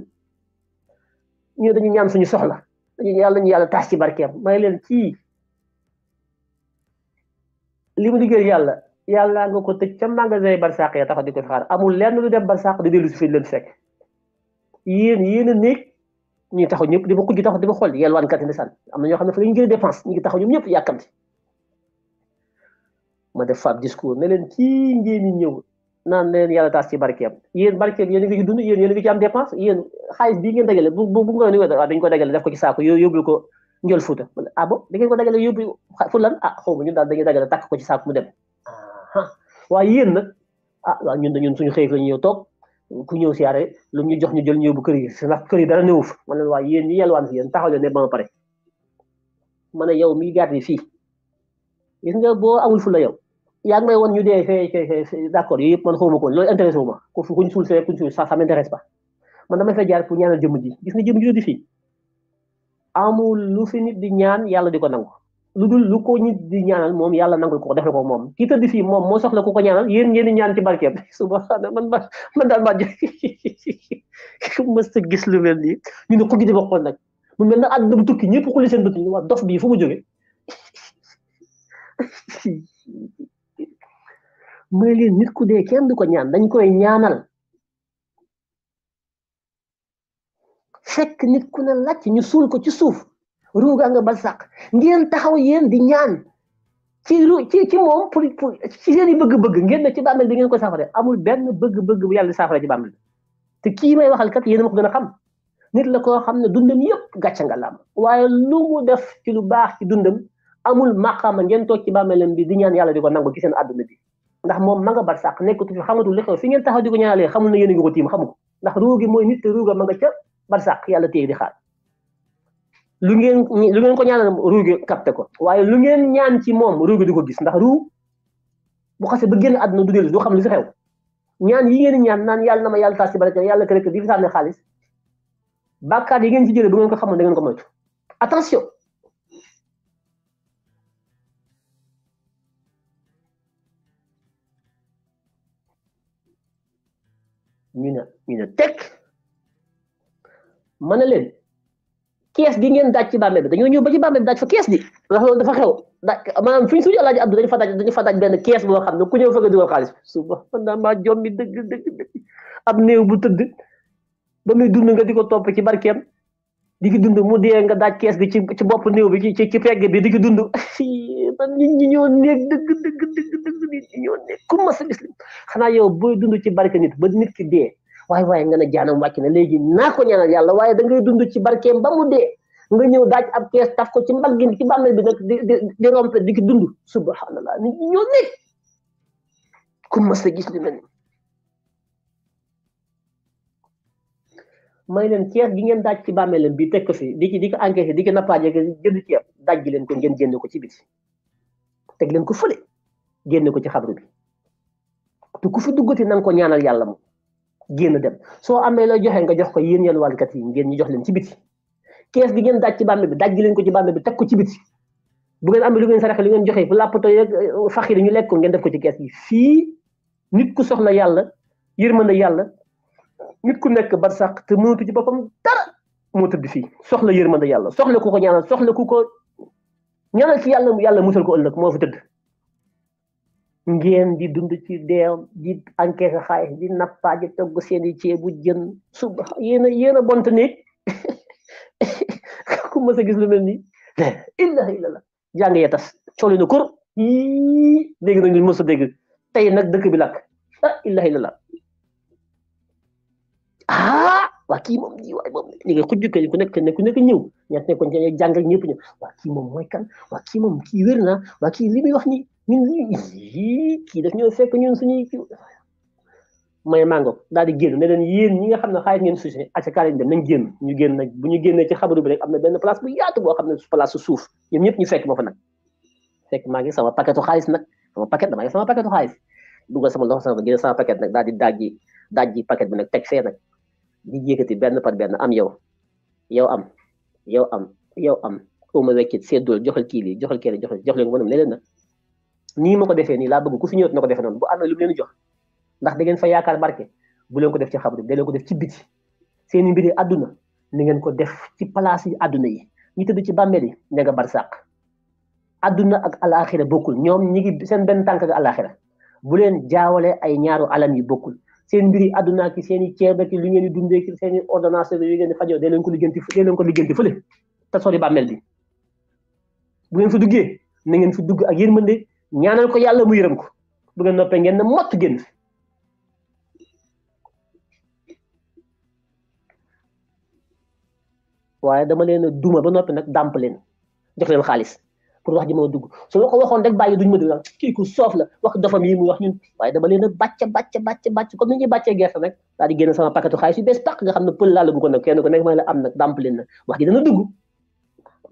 ñu dañu ñaan suñu soxla dañu yàlla ñu yàlla taas ci barkeem may leen ci limu mu liggéey yàlla yàlla nga ko tëj ca magasin barsàq ya tax di ko xaar amul leen lu dem barsàq di dellu si fi leen fekk yéen yéen a néeg ñuy taxaw ñëpp di ma kujj taxaw di ma xool yelwaan kat ndeysaan am na ñoo xam ne fa lañu jël dépense ñu ngi taxaw ñoom ñëpp yàkkamti ma def ne leen ngeen di ñëw naan leen ci barkeem yéen barkeem yéen a ngi ci a ngi ci am dépense yéen xaalis bii ngeen dajale bu bu bu nga wax dañu ko dajale def ko ci saako yóbbu ko njël fuuta ah bon ngeen ko dajale yóbbu fu lan ah xaw daal dañuy dagale takk ko ci saako mu dem waaye yéen nag ah waaw ñun dañun suñu xëy la ñu ñëw toog ku ñëw siyaare lu ñu jox ñu jël ñëw bu kër yi ndax kër yi dara néew fa man leen waaye yéen ñi yelwaan fi yéen taxaw ne ba ma pare ma ne yow miy garde fii gis nga bo amul fu la yow yaa ngi may woon ñu dee fee fee fee d'accord yooyu yëpp man xawma ko loolu intéressé wu ma ku kuñ suul see kuñ suul ça ça m'intéresse pas man damay fay jaar pour ñaanal jëmm ji gis nga jëmm ji di fii amul lu fi nit di ñaan yàlla di ko nangu lu dul lu ko nit di ñaanal moom yàlla nangul ko defal ko moom ki tëdd fii moom moo soxla ku ko ñaanal yéen yéen ñaan ci barkeem subhaana man ma man daal maa jëf mësta gis lu mel nii ñu ne xujj di ba xool nag mu mel na àdduna bu tukki ñëpp xulli seen bët ñu waa dof bii fu mu jógee mooy leen nit ku dee kenn du ko ñaan dañ koy ñaanal fekk nit ku na làcc ñu suul ko ci suuf ruuga nga ba sàq ngeen taxaw yéen di ñaan ci ru ci ci moom pour pour ci seen bëgg-bëgg ngeen ci bàmmeel bi ngeen ko saafara amul benn bëgg-bëgg bu yàlla di saafara ci bàmmeel te kii may waxal kat yéen ma ko gën a xam nit la koo xam ne dundam yëpp gàcce nga lam waaye lu mu def ci lu baax ci dundam amul màqaama ngeen toog ci bàmmeelam bi di ñaan yàlla di ko nangu ci seen àdduna bi ndax moom ma nga bar sàq nekkatu fi xamatul li xew fi ngeen taxaw di ko ñaanalee xamul na yéen a ngi ko tiim xamu ko ndax yàlla téye di lu ngeen lu ngeen ko ñaanal ruu gi capté ko waye lu ngeen ñaan ci mom ruu gi du ko gis ndax ru bu xasse ba genn aduna du del du xam lu xew ñaan yi ngeen ñaan naan yalla nama yalla tassi barke yàlla di fi ne xaliss bàkkaar yi ngeen ci jëlee bu ngeen ko xamoon da ngeen ko moytu attention ñu ne ñu ne teg leen kees gi ngeen daaj ci bàmmeel bi dañu ñëw ba ci bambe bi daaj fa kees di ndax loolu dafa xew manam maanaam suñu alaaji abdou dañu fa daaj dañu fa daaj ben kees bo xamne ne ku ñëw fëgg dugal xaliss suba man ma maa jommi deug deug deug ab neew bu tëdd ba muy dund nga diko top ci barkem di gi dund mu dié nga daaj kees bi ci ci bop neew bi ci ci pegg bi di gi dund man nit ñi ñoo neeg deug deug deug deug nit ñi ñoo neeg ku ma sa gis xana yow booy dund ci barke nit ba nit ki dié way way nga na jaanam wàcc na léegi naa ko ñaanal yàlla waaye da ngay dund ci barkeem ba mu dee nga ñëw daaj ab kees taf ko ci mbaggin ci bàmmeel bi nag di di di rompe di ki dund subhanallah nit ñi ñoo nekk ku mas a gis li mel may leen ceeb gi ngeen daaj ci bàmmeelam bi teg ko fi di ki di ko encaissé di ki nappaaje jënd ceeb daaj gi leen ko ngeen génne ko ci biti teg leen ko fële génne ko ci xabru bi te ku fi duggati na nga ko ñaanal yàlla moom génn dem soo amee la joxe nga jox ko yéen yalwaankat yi ngeen ñu jox leen ci biti kees gi ngeen daj ci bàmbe bi daj leen ko ci bàmbe bi teg ko ci biti bu ngeen amee lu ngeen saraxe ngeen joxe bu làppato yeeg euh, faxir ñu lekk ko ngeen def ko ci gi fii nit ku soxla yàlla yërmande yàlla nit ku nekk barsàq te mënatu ci boppam dara moo tëdd fii soxla yërmande yàlla soxla ku ko ñaanal soxla ku ko ñaanal ci yàlla yàlla musal ko ëllëg moo fi tëdd ngeen di dund ci deew di encaisse xay di nappa di togg seeni ceebu jën suba yena yena yéen bont néeg ku ma sa gis lu melni illa illa la ya tas coli na kur deg nañu mës sa deg tay nak dekk bi lak ah, illa illa la ah waa kii moom di waay moom ni nga xujj ku nekk ne ku nekk ñëw ak kan waa kii na waa kii wax ñun yii kii daf ñoo fekk ñun suñuy kii may màngoog daal di génn ne yéen ñi nga xam ne xaalis ngeen suñu acakaar yi dem nañ génn ñu génn nag bu ñu génnee ci xabaru bi rek am na benn place bu yaatu xam ne place su suuf ñoom ñëpp ñu fekk ma fa nag maa ngi sama paquetu xaalis nag sama paquet damaa ngi sama paquetu xaalis dugal sama loxo sama génn sama paquet nag daal di dajji dajji paquet bi nag teg fee nag di yëkkati benn par benn am yow yow am yow am yow am uma weccit seet dool joxal kii lii joxal kii lii joxal jox leen ko ma ne ni mo ko defee ni laa bëgg ku fi ñëwat nako defé non bu amee lu mu leen jox ndax da ngeen fa yaakar barke bu leen ko def ci xabru da leen ko def ci biti seen mbiri aduna ni ngeen ko def ci place yi aduna yi ñi tuddu ci ne nga ak alakhirah bokul, ñom ñi ngi seen ben tank ak al-akhirah bu leen jaawale ay ñaaru alam yi bokul seen mbiri aduna ki seen i ceeb ak lu ngeen di dundee ki seen ordonnance yi ngeen di fudugi, da leen ko liggéenti fu leen ko ta sori bambel bi bu ngeen fa duggé na ngeen fi dugg ak ñaanal ko yàlla mu yërëm ko bu ngeen noppee ngeen ne mott génn fi waaye dama leen duma ba noppi nag dàmp leen jox leen xaalis pour wax ji ma dugg su ma ko waxoon rek bàyyi duñ ma dugg kii ku soof la wax dofam yi mu wax ñun waaye dama leen a bàcc bàcc bàcc bàcc comme ni ñuy bàccee gerte nag daal di génn sama paquetu xaalis yu bees pàq nga xam ne pël laa la ko nag kenn ko nekk ma la am nag dàmp leen nag wax ji dana dugg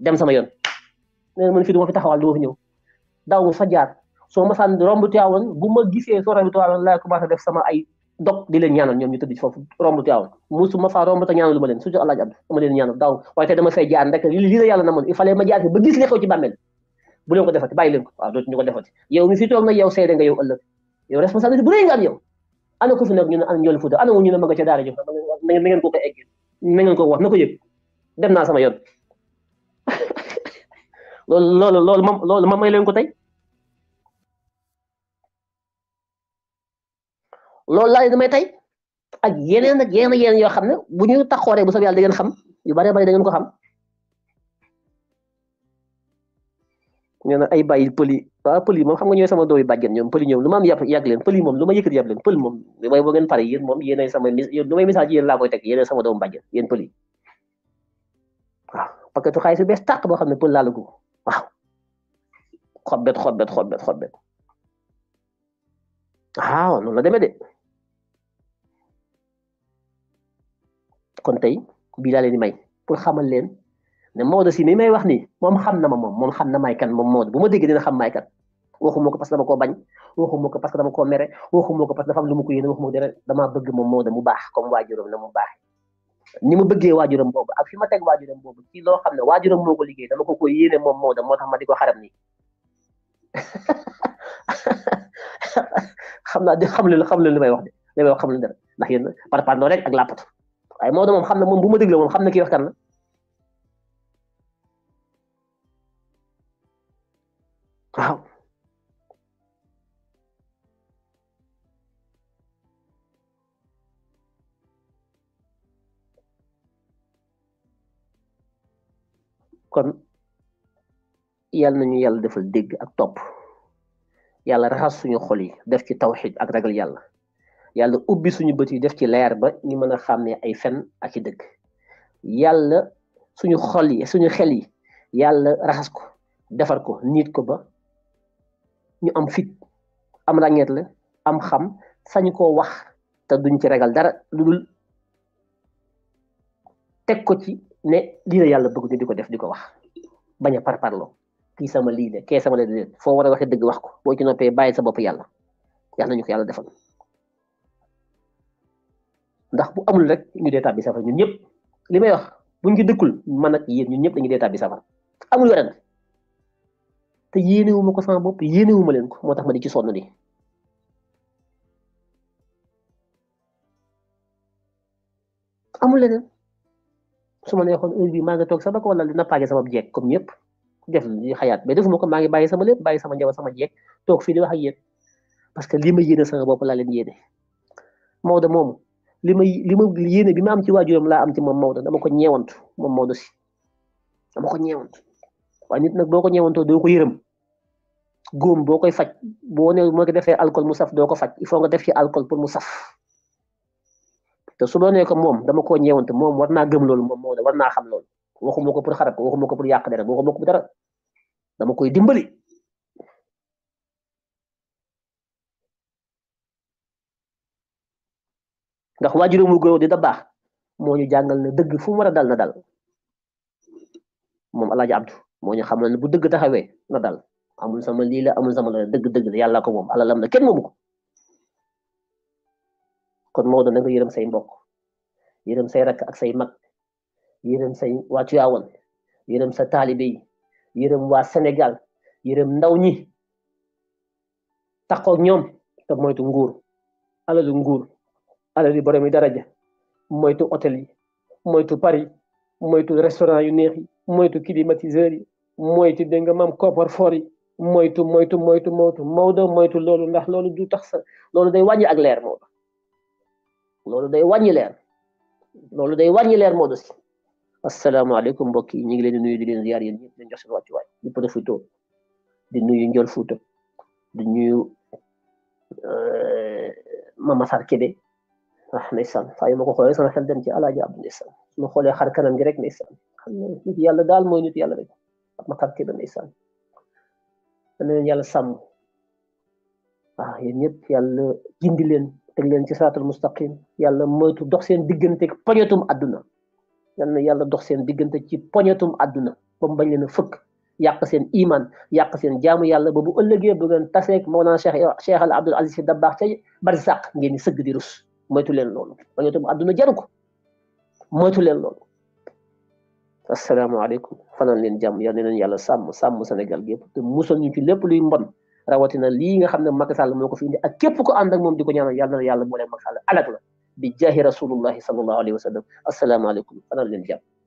dem sama yoon nee na man fii du ma fi taxawal du ma fi ñëw dawul fa jaar soo ma sànni romb Tiwaawan bu ma gisee soo romb Tiwaawan laay commencé def sama ay dog di leen ñaanal ñoom ñu tëdd foofu romb Tiwaawan musuma faa romb te ñaanal lu ma leen surtout àlaaj abdu ma leen ñaanal daaw waaye tey ko defati bàyyi leen ko ko defati ana ko fi nag nga ca naa sama yoon loolu loolu loolu moom loolu ma may leen ko tey loolu laa leen may tey ak yeneen ak yeneen yeneen yoo xam ne bu ñu taxooree bu soobee yàlla da ngeen xam yu bare bare da ngeen ko xam nee na ay bàyyi pël yi waaw pël yi moom xam nga ñooy sama doomi bàjjen ñoom pël yi ñoom lu ma am yàpp yàgg leen pël yi moom lu ma yëkkati yàgg leen pël moom waaye pare yéen moom yéenay sama mis lu laa koy teg yéenay sama doomu bàjjen yéen pël waaw paquetu xaalis bu bees tàq boo xam ne pël laalu ko خبط خبط خبط خبط ها non lo demede kon tey bii laa leen di may pour xamal leen ne Maodo si mi may wax nii moom xam na ma moom moom xam na may kan moom Maodo bu ma déggee dina xam may kan waxuma ko parce que dama koo bañ waxuma parce dama koo mere waxuma parce dafa am lu mu ko yéene waxuma dara damaa bëgg moom Maodo mu baax comme waajuram na mu baax ni ma bëggee waajuram boobu ak fi ma teg waajuram boobu ci loo xam ne waajuram liggéey dama ko ko yéene moom Maodo moo ma di xaram nii xam naa di xam leen xam leen li may wax de li may wax xam leen dara ndax yéen par par rek ak làppatu waaye Maodo moom xam na moom bu ma dégloo moom xam na kii wax kan la waaw yal nañu yàlla defal dégg ak topp yàlla raxas suñu xol yi def ci tawxid ak ragal yàlla yàlla ubbi suñu bët yi def ci leer ba ñu mën a xàmmee ay fen ak ci dëgg yàlla suñu xol yi suñu xel yi yàlla raxas ko defar ko niit ko ba ñu am fit am ràññeet la am xam sañ koo wax te duñ ci ragal dara lu dul ko ci ne lii la yàlla bëgg ñu di ko def di wax bañ a parparloo kii sama lii de kee sama le de foo war a waxee wax ko boo ci noppee bàyyi sa bopp yàlla yàlla nañu ko yàlla defal ndax bu amul rek ñu dee tàbbi safara ñu ñëpp li may wax buñ ci dëkkul man ak yéen ñun ñëpp dañuy dee tàbbi safara amul werante te yéenewuma ko sama bopp yéenewuma leen ko moo tax ma di ci sonn nii amul le su ma neexoon heure bii maa nga toog sax ba ko wala dina paage sama jeeg comme ñëpp. def di xayaat mais defuma ko maa ngi bàyyi sama lépp bàyyi sama njaboot sama jeeg toog fii di wax ak yéen parce que li ma yéene sama bopp laa leen yéene Maodo moomu li ma li ma yéene bi ma am ci waajuram laa am ci moom Maodo dama ko ñeewantu moom Maodo si dama ko ñeewantu waaye nit nag boo ko ñeewantoo doo ko yërëm góom boo koy faj boo ne moo ko defee alcool mu saf doo ko faj il faut nga def ci alcool mu saf te su ma nee ko moom dama koo ñeewante moom war naa gëm loolu moom Maodo war naa xam loolu waxuma ko pour xarab ko waxuma ko pour yàq dara waxuma ko pour dara dama koy dimbali ndax waajur mu góor di da baax mooñu jàngal na dëgg fu mu a dal na dal moom Alaaji Abdu moo ñu xamal ne bu dëgg taxawee na dal amul sama lii la amul sama la dëgg dëgg la ko moom alalam na kenn moomu ko kon moo na nga yërëm say mbokk yërëm say rakk ak say mag yërëm say waa Tiwaawan yërëm sa taalibe yi yërëm waa Sénégal yërëm ndaw ñi taxaw ñoom te moytu nguur alalu nguur alalu borom yi daraja moytu hôtel yi moytu Paris moytu restaurant yu neex yi moytu climatiseur yi moytu dégg nga maam coffre-fort yi moytu moytu moytu moytu Maodo moytu loolu ndax loolu du tax sa loolu day wàññi ak leer Maodo loolu day wàññi leer loolu day wàññi leer Maodo asalaamaaleykum mbokk yi ñu ngi leen di nuyu di leen ziar yéen ñëpp di leen jox di profito di nuyu Ndiol Fouta di nuyu euh, Mama Sarr Kébé ah ndeysaan saa yu ma ko xoolee sama xel ci alaaji Abdu ndeysaan su ma xoolee xar kanam gi rek yàlla daal mooy ñu yàlla rek Mama Sarr Kébé ndeysaan dana leen yàlla sàmm waaw ah, yéen ñëpp yàlla gindi leen teg leen ci siraatul mustaqim yàlla moytu dox seen digganteeg poñetum yal na yàlla dox seen diggante ci poñetum àdduna ba mu bañ leen a yàq seen iman yàq seen jaamu yàlla ba bu ëllëgee bu ngeen taseeg Mawlana Cheikh Cheikh al Abdoul Aziz Sy Dabakh ca barsàq ngeen di sëgg di rus moytu leen loolu poñetum àdduna jaru ko moytu leen loolu asalaamaaleykum fanaan leen jàmm yal na leen yàlla sàmm sàmm Sénégal gépp te ñu ci lépp luy mbon rawatina lii nga xam ne Macky Sall moo ko fi indi ak képp ko ànd ak moom di ko ñaanal yàlla na yàlla boolee Macky بجاه رسول الله صلى الله عليه وسلم السلام عليكم أنا للجامعة